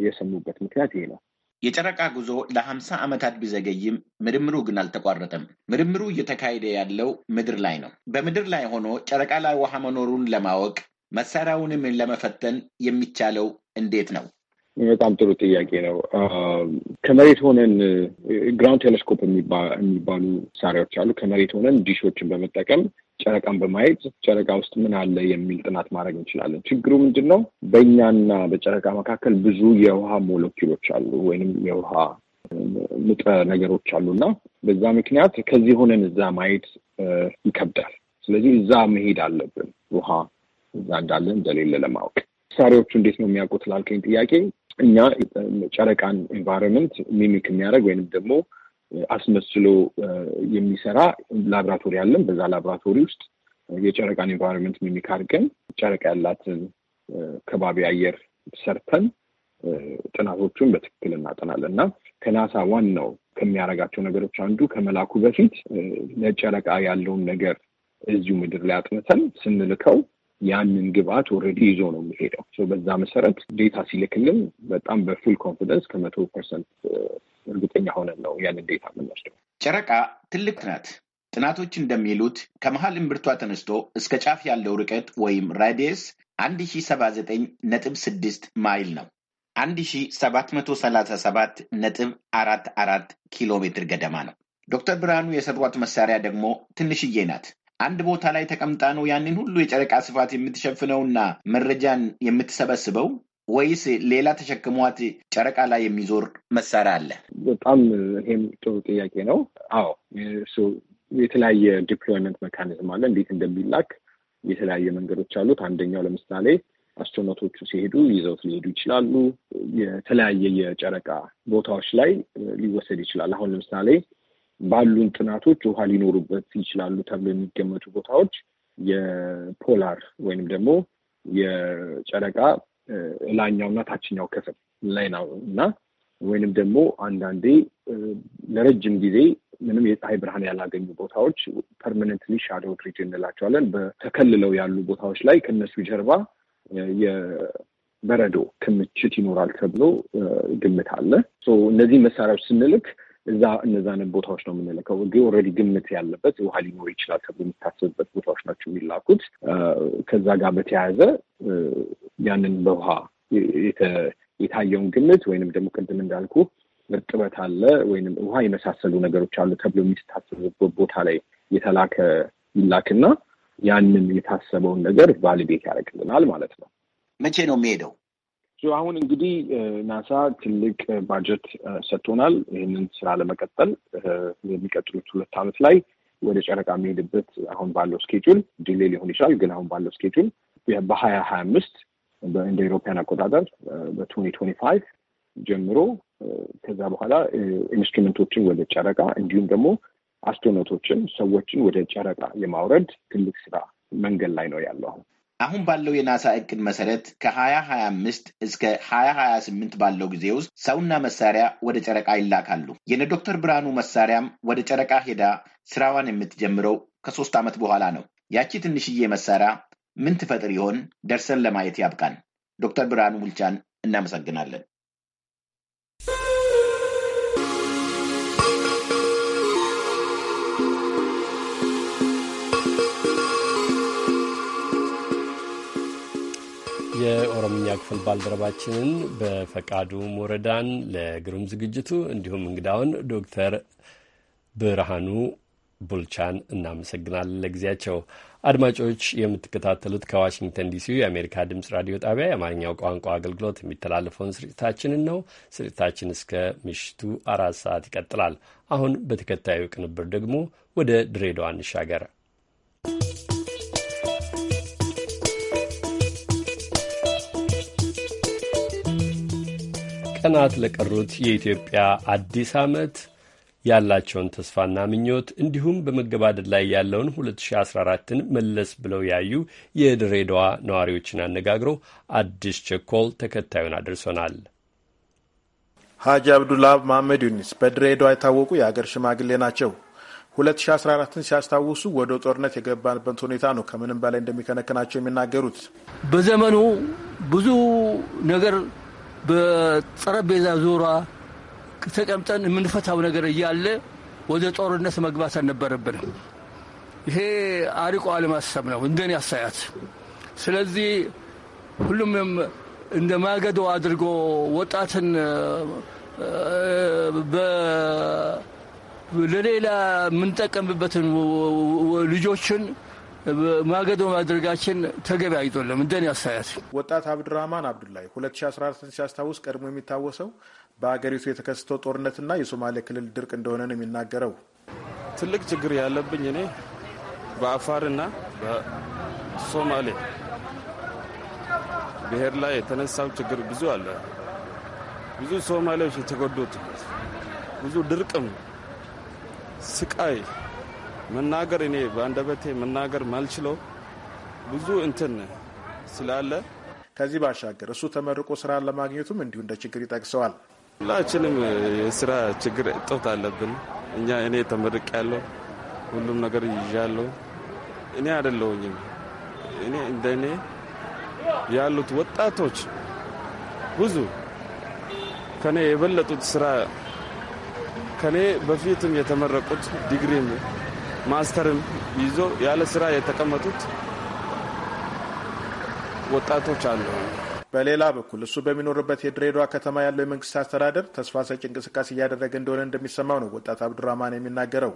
Speaker 5: የሰሙበት ምክንያት ይሄ ነው።
Speaker 12: የጨረቃ ጉዞ ለሀምሳ ዓመታት ቢዘገይም ምርምሩ ግን አልተቋረጠም። ምርምሩ እየተካሄደ ያለው ምድር ላይ ነው። በምድር ላይ ሆኖ ጨረቃ ላይ ውሃ መኖሩን ለማወቅ መሳሪያውንም ለመፈተን የሚቻለው እንዴት ነው?
Speaker 5: በጣም ጥሩ ጥያቄ ነው። ከመሬት ሆነን ግራውንድ ቴሌስኮፕ የሚባሉ መሳሪያዎች አሉ። ከመሬት ሆነን ዲሾችን በመጠቀም ጨረቃን በማየት ጨረቃ ውስጥ ምን አለ የሚል ጥናት ማድረግ እንችላለን። ችግሩ ምንድን ነው? በእኛና በጨረቃ መካከል ብዙ የውሃ ሞለኪሎች አሉ ወይም የውሃ ንጥረ ነገሮች አሉ እና በዛ ምክንያት ከዚህ ሆነን እዛ ማየት ይከብዳል። ስለዚህ እዛ መሄድ አለብን ውሃ እዛ እንዳለ እንደሌለ ለማወቅ። መሳሪያዎቹ እንዴት ነው የሚያውቁት ላልከኝ ጥያቄ እኛ ጨረቃን ኤንቫይሮንመንት ሚሚክ የሚያደርግ ወይንም ደግሞ አስመስሎ የሚሰራ ላብራቶሪ አለን። በዛ ላብራቶሪ ውስጥ የጨረቃን ኤንቫይሮንመንት ሚሚክ አድርገን ጨረቃ ያላትን ከባቢ አየር ሰርተን ጥናቶቹን በትክክል እናጠናለን እና ከናሳ ዋናው ከሚያደርጋቸው ነገሮች አንዱ ከመላኩ በፊት ለጨረቃ ያለውን ነገር እዚሁ ምድር ላይ አጥንተን ስንልከው ያንን ግብአት ኦልሬዲ ይዞ ነው የሚሄደው። በዛ መሰረት ዴታ ሲልክልን በጣም በፉል ኮንፊደንስ ከመቶ ፐርሰንት እርግጠኛ ሆነን ነው ያን ዴታ የምንወስደው። ጨረቃ ትልቅ
Speaker 12: ናት። ጥናቶች እንደሚሉት ከመሀል እምብርቷ ተነስቶ እስከ ጫፍ ያለው ርቀት ወይም ራዲየስ 1079.6 ማይል ነው። 1737.44 ኪሎ ሜትር ገደማ ነው። ዶክተር ብርሃኑ የሰሯት መሳሪያ ደግሞ ትንሽዬ ናት። አንድ ቦታ ላይ ተቀምጣ ነው ያንን ሁሉ የጨረቃ ስፋት የምትሸፍነውና መረጃን የምትሰበስበው ወይስ ሌላ ተሸክሟት ጨረቃ ላይ የሚዞር መሳሪያ አለ?
Speaker 5: በጣም ይሄም ጥሩ ጥያቄ ነው። አዎ እሱ የተለያየ ዲፕሎይመንት መካኒዝም አለ። እንዴት እንደሚላክ የተለያየ መንገዶች አሉት። አንደኛው ለምሳሌ አስትሮኖቶቹ ሲሄዱ ይዘውት ሊሄዱ ይችላሉ። የተለያየ የጨረቃ ቦታዎች ላይ ሊወሰድ ይችላል። አሁን ለምሳሌ ባሉን ጥናቶች ውሃ ሊኖሩበት ይችላሉ ተብሎ የሚገመቱ ቦታዎች የፖላር ወይንም ደግሞ የጨረቃ ላይኛውና ታችኛው ክፍል ላይ ነው እና ወይንም ደግሞ አንዳንዴ ለረጅም ጊዜ ምንም የፀሐይ ብርሃን ያላገኙ ቦታዎች ፐርማነንትሊ ሻዶ ሪጅን እንላቸዋለን። ተከልለው ያሉ ቦታዎች ላይ ከነሱ ጀርባ የበረዶ ክምችት ይኖራል ተብሎ ግምት አለ። እነዚህ መሳሪያዎች ስንልክ እዛ እነዛንን ቦታዎች ነው የምንልከው። ግን ኦልሬዲ ግምት ያለበት ውሃ ሊኖር ይችላል ተብሎ የሚታሰብበት ቦታዎች ናቸው የሚላኩት። ከዛ ጋር በተያያዘ ያንን በውሃ የታየውን ግምት ወይንም ደግሞ ቅድም እንዳልኩ እርጥበት አለ ወይንም ውሃ የመሳሰሉ ነገሮች አሉ ተብሎ የሚታሰብበት ቦታ ላይ የተላከ ይላክና ያንን የታሰበውን ነገር ቫሊዴት ያደርግልናል ማለት ነው። መቼ ነው የሚሄደው? አሁን እንግዲህ ናሳ ትልቅ ባጀት ሰጥቶናል። ይህንን ስራ ለመቀጠል የሚቀጥሉት ሁለት ዓመት ላይ ወደ ጨረቃ የሚሄድበት አሁን ባለው ስኬጁል ዲሌ ሊሆን ይችላል፣ ግን አሁን ባለው ስኬጁል በሀያ ሀያ አምስት እንደ ኢሮፓያን አቆጣጠር በቶኒ ቶኒ ፋይቭ ጀምሮ ከዛ በኋላ ኢንስትሩመንቶችን ወደ ጨረቃ እንዲሁም ደግሞ አስቶኖቶችን ሰዎችን ወደ ጨረቃ የማውረድ ትልቅ ስራ መንገድ ላይ ነው ያለው አሁን አሁን
Speaker 12: ባለው የናሳ እቅድ መሰረት ከ2025 እስከ 2028 ባለው ጊዜ ውስጥ ሰውና መሳሪያ ወደ ጨረቃ ይላካሉ። የነ ዶክተር ብርሃኑ መሳሪያም ወደ ጨረቃ ሄዳ ስራዋን የምትጀምረው ከሶስት ዓመት በኋላ ነው። ያቺ ትንሽዬ መሳሪያ ምን ትፈጥር ይሆን? ደርሰን ለማየት ያብቃን። ዶክተር ብርሃኑ ሙልቻን እናመሰግናለን።
Speaker 1: የኦሮምኛ ክፍል ባልደረባችንን በፈቃዱ ሞረዳን ለግሩም ዝግጅቱ እንዲሁም እንግዳውን ዶክተር ብርሃኑ ቡልቻን እናመሰግናለን ለጊዜያቸው። አድማጮች የምትከታተሉት ከዋሽንግተን ዲሲ የአሜሪካ ድምጽ ራዲዮ ጣቢያ የአማርኛው ቋንቋ አገልግሎት የሚተላለፈውን ስርጭታችንን ነው። ስርጭታችን እስከ ምሽቱ አራት ሰዓት ይቀጥላል። አሁን በተከታዩ ቅንብር ደግሞ ወደ ድሬዳዋ እንሻገር። ቀናት ለቀሩት የኢትዮጵያ አዲስ ዓመት ያላቸውን ተስፋና ምኞት እንዲሁም በመገባደድ ላይ ያለውን 2014ን መለስ ብለው ያዩ የድሬዳዋ ነዋሪዎችን አነጋግሮ አዲስ ቸኮል ተከታዩን አድርሶናል።
Speaker 4: ሀጂ አብዱላህ መሐመድ ዩኒስ በድሬዳዋ የታወቁ የአገር ሽማግሌ ናቸው። 2014ን ሲያስታውሱ ወደ ጦርነት የገባንበት ሁኔታ ነው ከምንም በላይ እንደሚከነክናቸው የሚናገሩት።
Speaker 13: በዘመኑ ብዙ ነገር በጠረጴዛ ዙሪያ ተቀምጠን የምንፈታው ነገር እያለ ወደ ጦርነት መግባት አልነበረብንም። ይሄ አርቆ አለማሰብ ነው እንደኔ ያሳያት ስለዚህ ሁሉም እንደ ማገዶ አድርጎ ወጣትን ለሌላ የምንጠቀምበትን ልጆችን ማገዶ ማድረጋችን ተገቢ አይደለም። እንደን ያሳያት
Speaker 4: ወጣት አብድራህማን አብዱላይ 2014 ሲያስታውስ ቀድሞ የሚታወሰው በሀገሪቱ የተከሰተው ጦርነትና የሶማሌ ክልል ድርቅ እንደሆነ ነው የሚናገረው።
Speaker 14: ትልቅ ችግር ያለብኝ እኔ በአፋርና በሶማሌ ብሔር ላይ የተነሳው ችግር ብዙ አለ። ብዙ ሶማሌዎች የተጎዱት ብዙ ድርቅም ስቃይ መናገር እኔ በአንደበቴ መናገር ማልችለው ብዙ እንትን ስላለ
Speaker 4: ከዚህ ባሻገር እሱ ተመርቆ ስራ ለማግኘቱም እንዲሁ እንደ ችግር ይጠቅሰዋል።
Speaker 14: ሁላችንም የስራ ችግር እጦት አለብን። እኛ እኔ ተመርቅ ያለው ሁሉም ነገር ይዣለሁ። እኔ አይደለሁኝም። እኔ እንደ እኔ ያሉት ወጣቶች ብዙ ከኔ የበለጡት ስራ ከኔ በፊትም የተመረቁት ዲግሪም ማስተርም ይዞ ያለ ስራ የተቀመጡት ወጣቶች አሉ።
Speaker 4: በሌላ በኩል እሱ በሚኖርበት የድሬዳዋ ከተማ ያለው የመንግስት አስተዳደር ተስፋ ሰጭ እንቅስቃሴ እያደረገ እንደሆነ እንደሚሰማው ነው ወጣት አብዱራማን የሚናገረው።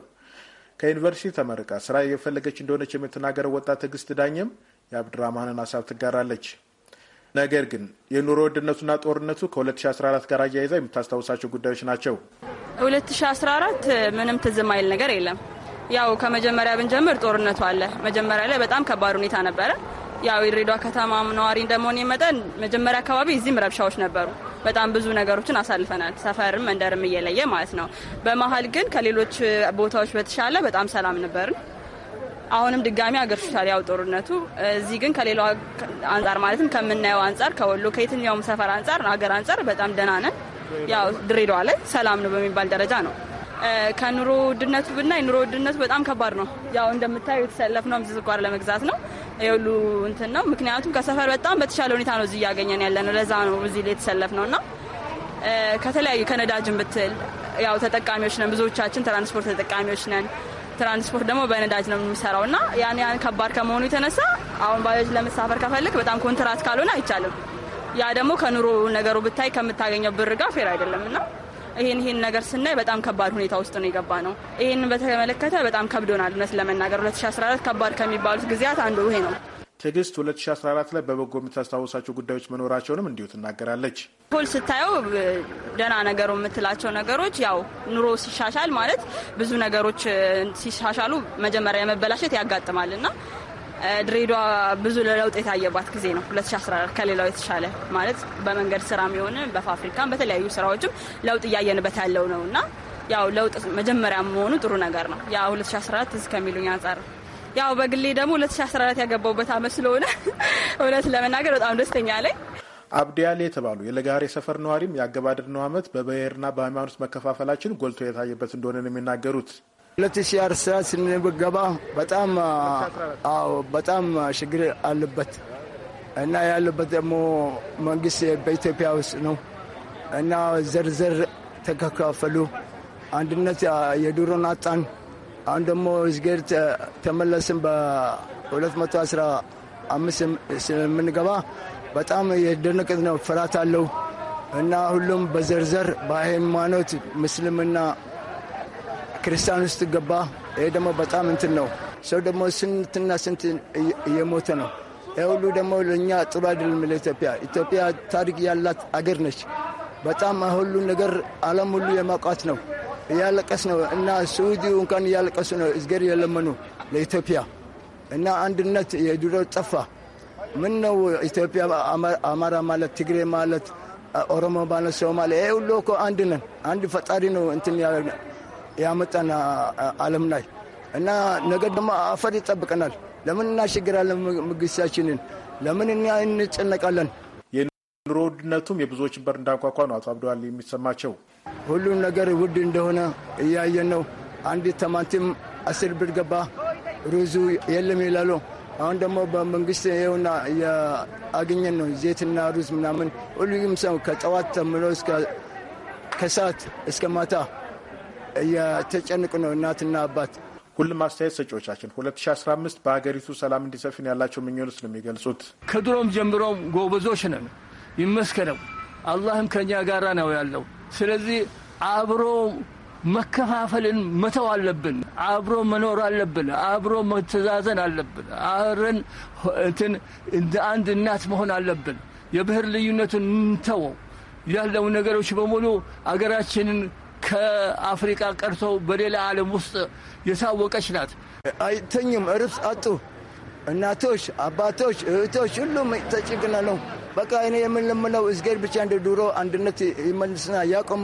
Speaker 4: ከዩኒቨርሲቲ ተመርቃ ስራ እየፈለገች እንደሆነች የምትናገረው ወጣት ትዕግስት ዳኘም የአብዱራማንን ሀሳብ ትጋራለች። ነገር ግን የኑሮ ውድነቱና ጦርነቱ ከ2014 ጋር አያይዛ የምታስታውሳቸው ጉዳዮች ናቸው።
Speaker 15: 2014 ምንም ትዝም አይል ነገር የለም ያው ከመጀመሪያ ብንጀምር ጦርነቱ አለ። መጀመሪያ ላይ በጣም ከባድ ሁኔታ ነበረ። ያው የድሬዳዋ ከተማ ነዋሪ እንደመሆኔ መጠን መጀመሪያ አካባቢ እዚህም ረብሻዎች ነበሩ። በጣም ብዙ ነገሮችን አሳልፈናል። ሰፈርም መንደርም እየለየ ማለት ነው። በመሀል ግን ከሌሎች ቦታዎች በተሻለ በጣም ሰላም ነበርን። አሁንም ድጋሚ አገርሽታል ያው ጦርነቱ። እዚህ ግን ከሌላ አንጻር ማለትም ከምናየው አንጻር ከወሎ ከየትኛውም ሰፈር አንጻር፣ ሀገር አንጻር በጣም ደህና ነን። ያው ድሬዳዋ ላይ ሰላም ነው በሚባል ደረጃ ነው። ከኑሮ ውድነቱ ብና የኑሮ ውድነቱ በጣም ከባድ ነው። ያው እንደምታየው የተሰለፍነውም ስኳር ለመግዛት ነው። የሁሉ እንትን ነው። ምክንያቱም ከሰፈር በጣም በተሻለ ሁኔታ ነው እዚህ እያገኘን ያለ ነው። ለዛ ነው እዚህ ላይ ነው እና ከተለያዩ ከነዳጅን ብትል ያው ተጠቃሚዎች ነን። ብዙዎቻችን ትራንስፖርት ተጠቃሚዎች ነን። ትራንስፖርት ደግሞ በነዳጅ ነው የምንሰራው እና ያን ያን ከባድ ከመሆኑ የተነሳ አሁን ባጃጅ ለመሳፈር ከፈልግ በጣም ኮንትራት ካልሆነ አይቻልም። ያ ደግሞ ከኑሮ ነገሩ ብታይ ከምታገኘው ብር ጋር ፌር አይደለም እና ይሄን ይሄን ነገር ስናይ በጣም ከባድ ሁኔታ ውስጥ ነው የገባ ነው። ይህን በተመለከተ በጣም ከብዶናል። እውነት ለመናገር 2014 ከባድ ከሚባሉት ጊዜያት አንዱ ይሄ ነው።
Speaker 4: ትዕግስት 2014 ላይ በበጎ የምታስታውሳቸው ጉዳዮች መኖራቸውንም እንዲሁ ትናገራለች።
Speaker 15: ፖል ስታየው ደህና ነገሩ የምትላቸው ነገሮች ያው ኑሮ ሲሻሻል ማለት ብዙ ነገሮች ሲሻሻሉ መጀመሪያ የመበላሸት ያጋጥማል እና ድሬዳዋ ብዙ ለለውጥ የታየባት ጊዜ ነው 2014 ከሌላው የተሻለ ማለት በመንገድ ስራ የሆነ በፋብሪካም በተለያዩ ስራዎችም ለውጥ እያየንበት ያለው ነው እና ያው ለውጥ መጀመሪያ መሆኑ ጥሩ ነገር ነው። ያ 2014 እዚህ ከሚሉኝ አንጻር ያው በግሌ ደግሞ 2014 ያገባውበት አመት ስለሆነ እውነት ለመናገር በጣም ደስተኛ ላይ
Speaker 4: አብዲያሌ የተባሉ የለጋሪ ሰፈር ነዋሪም ያገባደድነው አመት በብሔርና በሃይማኖት መከፋፈላችን ጎልቶ የታየበት እንደሆነ ነው የሚናገሩት። ሁለት ሺ
Speaker 16: ስንገባ በጣም አዎ በጣም ችግር አለበት እና ያለበት ደግሞ መንግስት በኢትዮጵያ ውስጥ ነው እና ዘርዘር ተከፋፈሉ። አንድነት የድሮን አጣን። አሁን ደግሞ እዝጌር ተመለስን በ215 ስለምንገባ በጣም የደነቅጥ ነው። ፍርሃት አለው እና ሁሉም በዘርዘር በሃይማኖት ምስልምና ክርስቲያን ውስጥ ገባ። ይህ ደግሞ በጣም እንትን ነው። ሰው ደግሞ ስንትና ስንት እየሞተ ነው። ይህ ሁሉ ደግሞ ለእኛ ጥሩ አይደለም ለኢትዮጵያ። ኢትዮጵያ ታሪክ ያላት አገር ነች። በጣም ሁሉ ነገር ዓለም ሁሉ የማውቃት ነው። እያለቀስ ነው እና ስዑዲ እንኳን እያለቀሱ ነው እዝገር የለመኑ ለኢትዮጵያ እና አንድነት የድሮ ጠፋ። ምን ነው ኢትዮጵያ አማራ ማለት ትግሬ ማለት ኦሮሞ ማለት ሶማሌ ሁሉ እኮ አንድ ነን። አንድ ፈጣሪ ነው እንትን ያመጣን ዓለም ላይ እና ነገ ደግሞ አፈር ይጠብቀናል። ለምን እናሸግራለን? ምግሳችንን ለምን እኛ እንጨነቃለን? የኑሮ ውድነቱም የብዙዎችን በር እንዳንኳኳ ነው አቶ አብደዋል
Speaker 4: የሚሰማቸው።
Speaker 16: ሁሉም ነገር ውድ እንደሆነ እያየን ነው። አንድ ተማንቲም አስር ብር ገባ፣ ሩዙ የለም ይላሉ። አሁን ደግሞ በመንግስት ይኸውና አገኘን ነው ዜትና ሩዝ ምናምን ሁሉም ሰው ከጠዋት ተምሎ ከሰዓት እስከ ማታ እየተጨንቅ ነው እናትና አባት
Speaker 4: ሁሉም አስተያየት ሰጪዎቻችን 2015 በሀገሪቱ ሰላም እንዲሰፍን ያላቸው ምኞት ነው የሚገልጹት።
Speaker 13: ከድሮም ጀምሮ ጎበዞች ነን፣ ይመስገነው አላህም ከእኛ ጋር ነው ያለው። ስለዚህ አብሮ መከፋፈልን መተው አለብን። አብሮ መኖር አለብን። አብሮ መተዛዘን አለብን። አብረን እንትን እንደ አንድ እናት መሆን አለብን። የብሔር ልዩነቱን እንተወው። ያለው ነገሮች በሙሉ አገራችንን ከአፍሪካ ቀርተው በሌላ ዓለም ውስጥ የታወቀች
Speaker 16: ናት። አይተኝም እርብስ አጡ እናቶች፣ አባቶች፣ እህቶች ሁሉም ተጭግና ነው። በቃ እኔ የምንለምነው እዝጌር ብቻ እንደ ድሮ አንድነት ይመልስና ያቆሙ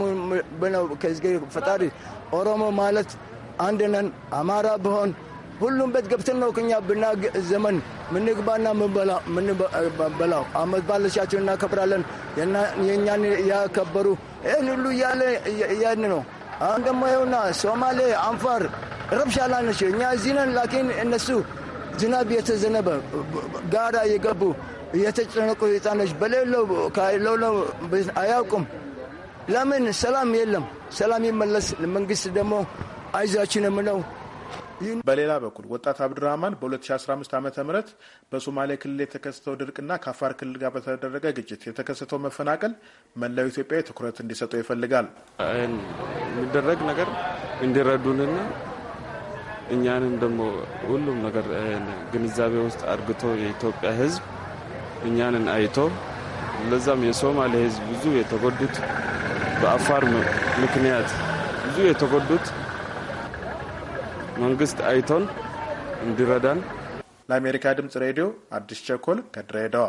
Speaker 16: ብነው ከእዝጌር ፈጣሪ ኦሮሞ ማለት አንድነን አማራ ብሆን ሁሉም ቤት ገብተን ነው ከኛ ብና ዘመን ምንግባና ምንበላው አመት ባለሻቸው እናከብራለን። የእኛን ያከበሩ ይህን ሁሉ እያለ ያን ነው። አሁን ደግሞ ይኸውና ሶማሌ፣ አንፋር ረብሻ ላይ እኛ እዚህ ነን። ላኪን እነሱ ዝናብ የተዘነበ ጋራ የገቡ የተጨነቁ ህፃኖች በሌለው ከሌለው አያውቁም። ለምን ሰላም የለም? ሰላም ይመለስ። መንግስት ደግሞ አይዛችን የምለው
Speaker 4: በሌላ በኩል ወጣት አብድራህማን በ2015 ዓ ም በሶማሌ ክልል የተከሰተው ድርቅና ከአፋር ክልል ጋር በተደረገ ግጭት የተከሰተው መፈናቀል መላው ኢትዮጵያዊ ትኩረት እንዲሰጠው
Speaker 14: ይፈልጋል። የሚደረግ ነገር እንዲረዱንና እኛንም ደግሞ ሁሉም ነገር ግንዛቤ ውስጥ አድርግቶ የኢትዮጵያ ሕዝብ እኛንን አይቶ ለዛም የሶማሌ ሕዝብ ብዙ የተጎዱት በአፋር ምክንያት ብዙ የተጎዱት መንግስት አይቶን እንዲረዳን።
Speaker 4: ለአሜሪካ ድምጽ ሬዲዮ አዲስ ቸኮል ከድሬዳዋ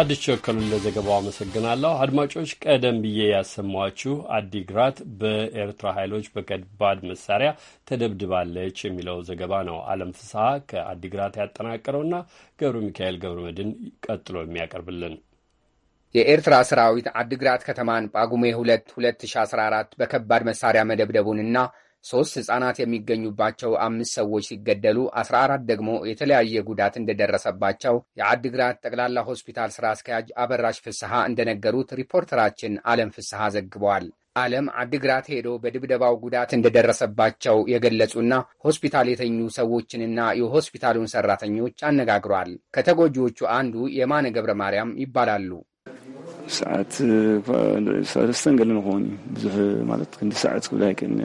Speaker 1: አዲስ ቸኮልን ለዘገባው አመሰግናለሁ። አድማጮች፣ ቀደም ብዬ ያሰማችሁ አዲግራት በኤርትራ ኃይሎች በከባድ መሳሪያ ተደብድባለች የሚለው ዘገባ ነው። አለም ፍስሐ ከአዲግራት ያጠናቀረውና ገብረ ሚካኤል ገብረ መድን ቀጥሎ የሚያቀርብልን የኤርትራ ሰራዊት አዲግራት ከተማን ጳጉሜ 2 2014
Speaker 6: በከባድ መሳሪያ መደብደቡንና ሦስት ሕፃናት የሚገኙባቸው አምስት ሰዎች ሲገደሉ 14 ደግሞ የተለያየ ጉዳት እንደደረሰባቸው የአድግራት ጠቅላላ ሆስፒታል ሥራ አስኪያጅ አበራሽ ፍስሐ እንደነገሩት ሪፖርተራችን አለም ፍስሐ ዘግበዋል። አለም አድግራት ሄዶ በድብደባው ጉዳት እንደደረሰባቸው የገለጹና ሆስፒታል የተኙ ሰዎችንና የሆስፒታሉን ሰራተኞች አነጋግሯል። ከተጎጂዎቹ አንዱ የማነ ገብረ ማርያም ይባላሉ።
Speaker 7: ሰዓት ሰለስተን ገለ ንኾውን ብዙሕ
Speaker 16: ማለት ክንዲ ሰዓት ክብል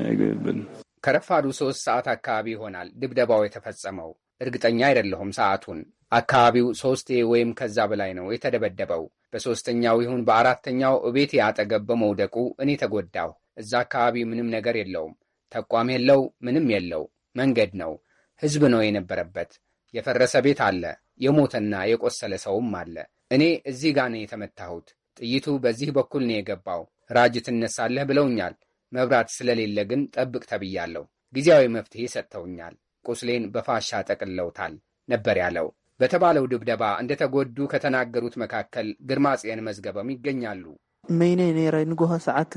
Speaker 16: ኣይገብን
Speaker 6: ከረፋዱ ሶስት ሰዓት አካባቢ ይሆናል ድብደባው የተፈጸመው። እርግጠኛ አይደለሁም ሰዓቱን። አካባቢው ሶስቴ ወይም ከዛ በላይ ነው የተደበደበው። በሶስተኛው ይሁን በአራተኛው እቤቴ አጠገብ በመውደቁ እኔ ተጎዳሁ። እዛ አካባቢ ምንም ነገር የለውም። ተቋም የለው፣ ምንም የለው። መንገድ ነው፣ ህዝብ ነው የነበረበት። የፈረሰ ቤት አለ፣ የሞተና የቆሰለ ሰውም አለ። እኔ እዚህ ጋ ነው የተመታሁት። ጥይቱ በዚህ በኩል ነው የገባው። ራጅ ትነሳለህ ብለውኛል። መብራት ስለሌለ ግን ጠብቅ ተብያለሁ። ጊዜያዊ መፍትሄ ሰጥተውኛል። ቁስሌን በፋሻ ጠቅልለውታል ነበር ያለው። በተባለው ድብደባ እንደተጎዱ ከተናገሩት መካከል ግርማጽየን መዝገበም ይገኛሉ።
Speaker 15: መይነ ነረ ንጎሆ ሰዓት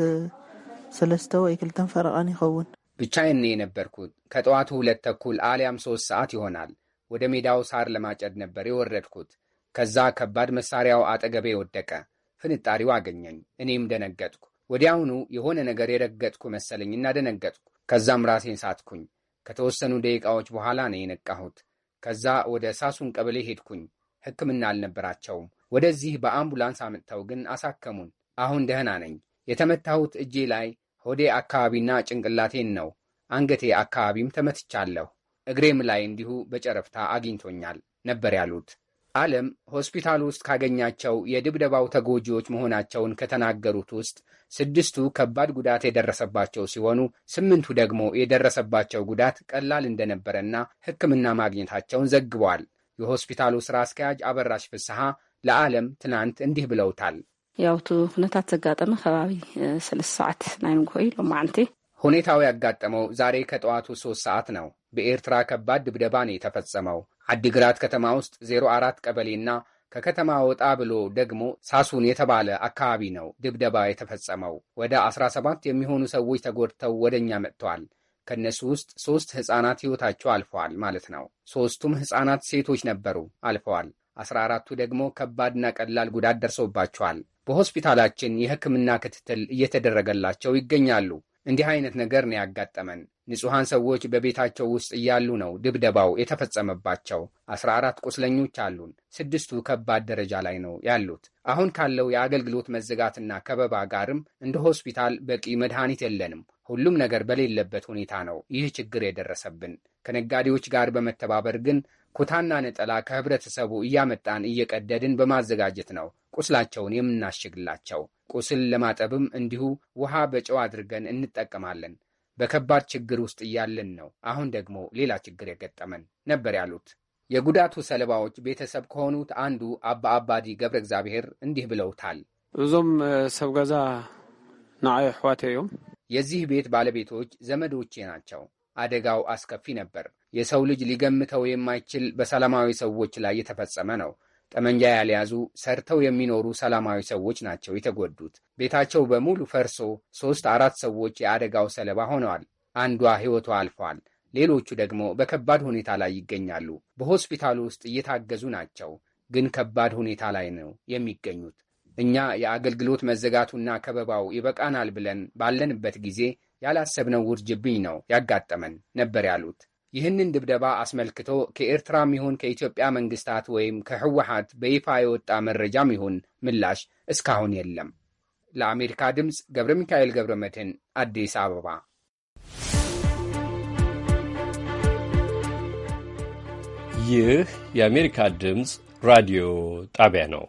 Speaker 15: ሰለስተ ወይ ክልተን ፈረቓን ይኸውን
Speaker 6: ብቻዬን ነው የነበርኩት። ከጠዋቱ ሁለት ተኩል አሊያም ሶስት ሰዓት ይሆናል። ወደ ሜዳው ሳር ለማጨድ ነበር የወረድኩት። ከዛ ከባድ መሳሪያው አጠገቤ ወደቀ። ፍንጣሪው አገኘኝ። እኔም ደነገጥኩ። ወዲያውኑ የሆነ ነገር የረገጥኩ መሰለኝና ደነገጥኩ። ከዛም ራሴን ሳትኩኝ። ከተወሰኑ ደቂቃዎች በኋላ ነው የነቃሁት። ከዛ ወደ ሳሱን ቀበሌ ሄድኩኝ። ሕክምና አልነበራቸውም። ወደዚህ በአምቡላንስ አምጥተው ግን አሳከሙን። አሁን ደህና ነኝ። የተመታሁት እጄ ላይ ሆዴ አካባቢና ጭንቅላቴን ነው። አንገቴ አካባቢም ተመትቻለሁ። እግሬም ላይ እንዲሁ በጨረፍታ አግኝቶኛል ነበር ያሉት። ዓለም ሆስፒታል ውስጥ ካገኛቸው የድብደባው ተጎጂዎች መሆናቸውን ከተናገሩት ውስጥ ስድስቱ ከባድ ጉዳት የደረሰባቸው ሲሆኑ ስምንቱ ደግሞ የደረሰባቸው ጉዳት ቀላል እንደነበረና ሕክምና ማግኘታቸውን ዘግበዋል። የሆስፒታሉ ስራ አስኪያጅ አበራሽ ፍስሐ ለዓለም ትናንት እንዲህ ብለውታል።
Speaker 11: ያውቱ እቲ ዘጋጠመ ከባቢ ስልስ ሰዓት ናይ ንጎ ኢሎ
Speaker 6: ሁኔታው ያጋጠመው ዛሬ ከጠዋቱ ሶስት ሰዓት ነው። በኤርትራ ከባድ ድብደባ ነው የተፈጸመው። አዲግራት ከተማ ውስጥ 04 ቀበሌና ከከተማ ወጣ ብሎ ደግሞ ሳሱን የተባለ አካባቢ ነው ድብደባ የተፈጸመው። ወደ 17 የሚሆኑ ሰዎች ተጎድተው ወደ እኛ መጥተዋል። ከእነሱ ውስጥ ሦስት ሕፃናት ሕይወታቸው አልፈዋል ማለት ነው። ሦስቱም ሕፃናት ሴቶች ነበሩ፣ አልፈዋል። 14ቱ ደግሞ ከባድና ቀላል ጉዳት ደርሶባቸዋል። በሆስፒታላችን የሕክምና ክትትል እየተደረገላቸው ይገኛሉ። እንዲህ አይነት ነገር ነው ያጋጠመን። ንጹሐን ሰዎች በቤታቸው ውስጥ እያሉ ነው ድብደባው የተፈጸመባቸው። አስራ አራት ቁስለኞች አሉን። ስድስቱ ከባድ ደረጃ ላይ ነው ያሉት። አሁን ካለው የአገልግሎት መዘጋትና ከበባ ጋርም እንደ ሆስፒታል በቂ መድኃኒት የለንም። ሁሉም ነገር በሌለበት ሁኔታ ነው ይህ ችግር የደረሰብን። ከነጋዴዎች ጋር በመተባበር ግን ኩታና ነጠላ ከህብረተሰቡ እያመጣን እየቀደድን በማዘጋጀት ነው ቁስላቸውን የምናሽግላቸው። ቁስል ለማጠብም እንዲሁ ውሃ በጨው አድርገን እንጠቀማለን። በከባድ ችግር ውስጥ እያለን ነው አሁን ደግሞ ሌላ ችግር የገጠመን ነበር ያሉት። የጉዳቱ ሰለባዎች ቤተሰብ ከሆኑት አንዱ አባ አባዲ ገብረ እግዚአብሔር እንዲህ ብለውታል።
Speaker 10: እዞም ሰብ ገዛ ንዓይ ኣሕዋቴ እዮም።
Speaker 6: የዚህ ቤት ባለቤቶች ዘመዶቼ ናቸው። አደጋው አስከፊ ነበር። የሰው ልጅ ሊገምተው የማይችል በሰላማዊ ሰዎች ላይ የተፈጸመ ነው። ጠመንጃ ያልያዙ ሰርተው የሚኖሩ ሰላማዊ ሰዎች ናቸው የተጎዱት። ቤታቸው በሙሉ ፈርሶ ሶስት አራት ሰዎች የአደጋው ሰለባ ሆነዋል። አንዷ ሕይወቷ አልፏል። ሌሎቹ ደግሞ በከባድ ሁኔታ ላይ ይገኛሉ። በሆስፒታሉ ውስጥ እየታገዙ ናቸው፣ ግን ከባድ ሁኔታ ላይ ነው የሚገኙት። እኛ የአገልግሎት መዘጋቱና ከበባው ይበቃናል ብለን ባለንበት ጊዜ ያላሰብነው ውርጅብኝ ነው ያጋጠመን ነበር ያሉት ይህንን ድብደባ አስመልክቶ ከኤርትራም ይሁን ከኢትዮጵያ መንግስታት ወይም ከህወሓት በይፋ የወጣ መረጃም ይሁን ምላሽ እስካሁን የለም። ለአሜሪካ ድምፅ ገብረ ሚካኤል ገብረ መድህን አዲስ አበባ።
Speaker 1: ይህ የአሜሪካ ድምፅ ራዲዮ ጣቢያ ነው።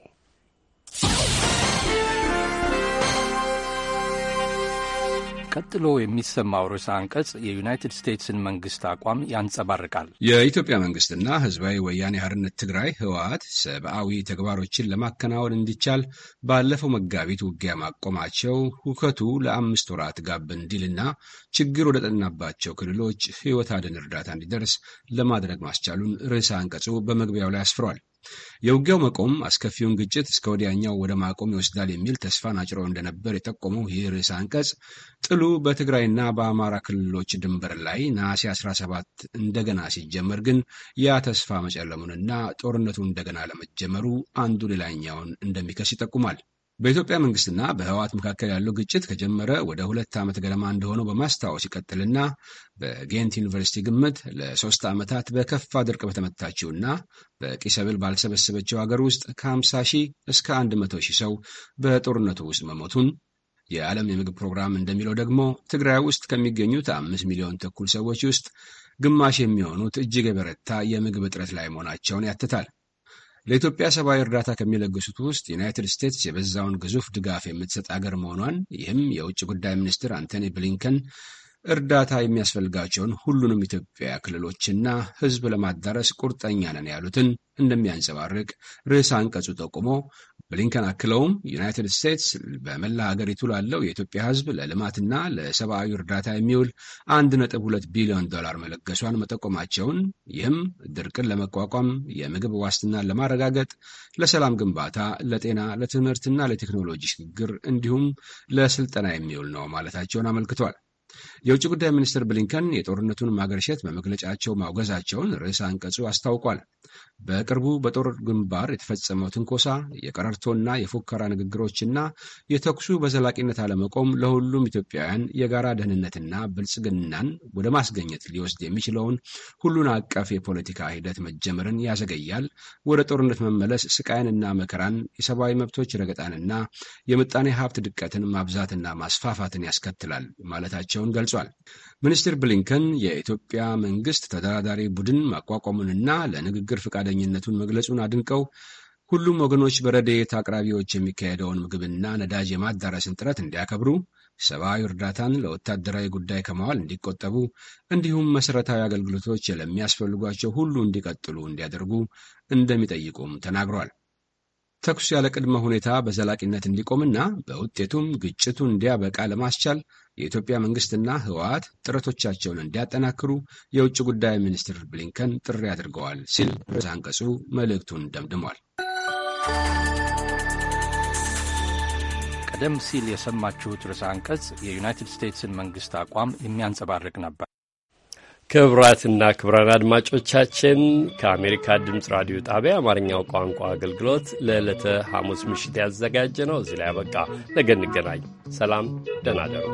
Speaker 3: ቀጥሎ የሚሰማው ርዕሰ አንቀጽ የዩናይትድ ስቴትስን መንግስት አቋም ያንጸባርቃል። የኢትዮጵያ መንግስትና ህዝባዊ ወያኔ ሓርነት ትግራይ ህወሓት ሰብአዊ ተግባሮችን ለማከናወን እንዲቻል ባለፈው መጋቢት ውጊያ ማቆማቸው ሁከቱ ለአምስት ወራት ጋብ እንዲልና ችግር ወደ ጠናባቸው ክልሎች ህይወት አድን እርዳታ እንዲደርስ ለማድረግ ማስቻሉን ርዕሰ አንቀጹ በመግቢያው ላይ አስፍሯል። የውጊያው መቆም አስከፊውን ግጭት እስከ ወዲያኛው ወደ ማቆም ይወስዳል የሚል ተስፋን አጭሮ እንደነበር የጠቆመው ይህ ርዕስ አንቀጽ ጥሉ በትግራይና በአማራ ክልሎች ድንበር ላይ ነሐሴ 17 እንደገና ሲጀመር ግን ያ ተስፋ መጨለሙንና ጦርነቱ እንደገና ለመጀመሩ አንዱ ሌላኛውን እንደሚከስ ይጠቁማል። በኢትዮጵያ መንግስትና በህወሓት መካከል ያለው ግጭት ከጀመረ ወደ ሁለት ዓመት ገደማ እንደሆነው በማስታወስ ይቀጥልና በጌንት ዩኒቨርሲቲ ግምት ለሶስት ዓመታት በከፋ ድርቅ በተመታችውና በቂ ሰብል ባልሰበሰበችው ሀገር ውስጥ ከ50 ሺህ እስከ 100 ሺህ ሰው በጦርነቱ ውስጥ መሞቱን የዓለም የምግብ ፕሮግራም እንደሚለው ደግሞ ትግራይ ውስጥ ከሚገኙት አምስት ሚሊዮን ተኩል ሰዎች ውስጥ ግማሽ የሚሆኑት እጅግ የበረታ የምግብ እጥረት ላይ መሆናቸውን ያትታል። ለኢትዮጵያ ሰብአዊ እርዳታ ከሚለግሱት ውስጥ ዩናይትድ ስቴትስ የበዛውን ግዙፍ ድጋፍ የምትሰጥ አገር መሆኗን ይህም የውጭ ጉዳይ ሚኒስትር አንቶኒ ብሊንከን እርዳታ የሚያስፈልጋቸውን ሁሉንም ኢትዮጵያ ክልሎችና ሕዝብ ለማዳረስ ቁርጠኛ ነን ያሉትን እንደሚያንጸባርቅ ርዕስ አንቀጹ ጠቁሞ ብሊንከን አክለውም ዩናይትድ ስቴትስ በመላ ሀገሪቱ ላለው የኢትዮጵያ ሕዝብ ለልማትና ለሰብአዊ እርዳታ የሚውል 1.2 ቢሊዮን ዶላር መለገሷን መጠቆማቸውን ይህም ድርቅን ለመቋቋም፣ የምግብ ዋስትናን ለማረጋገጥ፣ ለሰላም ግንባታ፣ ለጤና፣ ለትምህርትና ለቴክኖሎጂ ሽግግር እንዲሁም ለስልጠና የሚውል ነው ማለታቸውን አመልክቷል። የውጭ ጉዳይ ሚኒስትር ብሊንከን የጦርነቱን ማገርሸት በመግለጫቸው ማውገዛቸውን ርዕስ አንቀጹ አስታውቋል። በቅርቡ በጦር ግንባር የተፈጸመው ትንኮሳ፣ የቀረርቶና የፉከራ ንግግሮችና የተኩሱ በዘላቂነት አለመቆም ለሁሉም ኢትዮጵያውያን የጋራ ደህንነትና ብልጽግናን ወደ ማስገኘት ሊወስድ የሚችለውን ሁሉን አቀፍ የፖለቲካ ሂደት መጀመርን ያዘገያል። ወደ ጦርነት መመለስ ስቃይንና መከራን፣ የሰብአዊ መብቶች ረገጣንና የምጣኔ ሀብት ድቀትን ማብዛትና ማስፋፋትን ያስከትላል ማለታቸው መሆናቸውን ገልጿል። ሚኒስትር ብሊንከን የኢትዮጵያ መንግስት ተደራዳሪ ቡድን ማቋቋሙንና ለንግግር ፈቃደኝነቱን መግለጹን አድንቀው ሁሉም ወገኖች በረድኤት አቅራቢዎች የሚካሄደውን ምግብና ነዳጅ የማዳረስን ጥረት እንዲያከብሩ፣ ሰብአዊ እርዳታን ለወታደራዊ ጉዳይ ከማዋል እንዲቆጠቡ፣ እንዲሁም መሠረታዊ አገልግሎቶች ለሚያስፈልጓቸው ሁሉ እንዲቀጥሉ እንዲያደርጉ እንደሚጠይቁም ተናግሯል። ተኩስ ያለ ቅድመ ሁኔታ በዘላቂነት እንዲቆምና በውጤቱም ግጭቱ እንዲያበቃ ለማስቻል የኢትዮጵያ መንግስትና ህወሓት ጥረቶቻቸውን እንዲያጠናክሩ የውጭ ጉዳይ ሚኒስትር ብሊንከን ጥሪ አድርገዋል ሲል ርዕሰ አንቀጹ መልእክቱን ደምድሟል። ቀደም ሲል የሰማችሁት ርዕሰ አንቀጽ የዩናይትድ ስቴትስን
Speaker 1: መንግስት አቋም የሚያንጸባርቅ ነበር። ክቡራትና ክቡራን አድማጮቻችን ከአሜሪካ ድምፅ ራዲዮ ጣቢያ አማርኛው ቋንቋ አገልግሎት ለዕለተ ሐሙስ ምሽት ያዘጋጀ ነው እዚህ ላይ አበቃ። ነገ እንገናኝ። ሰላም፣ ደህና ደሩ።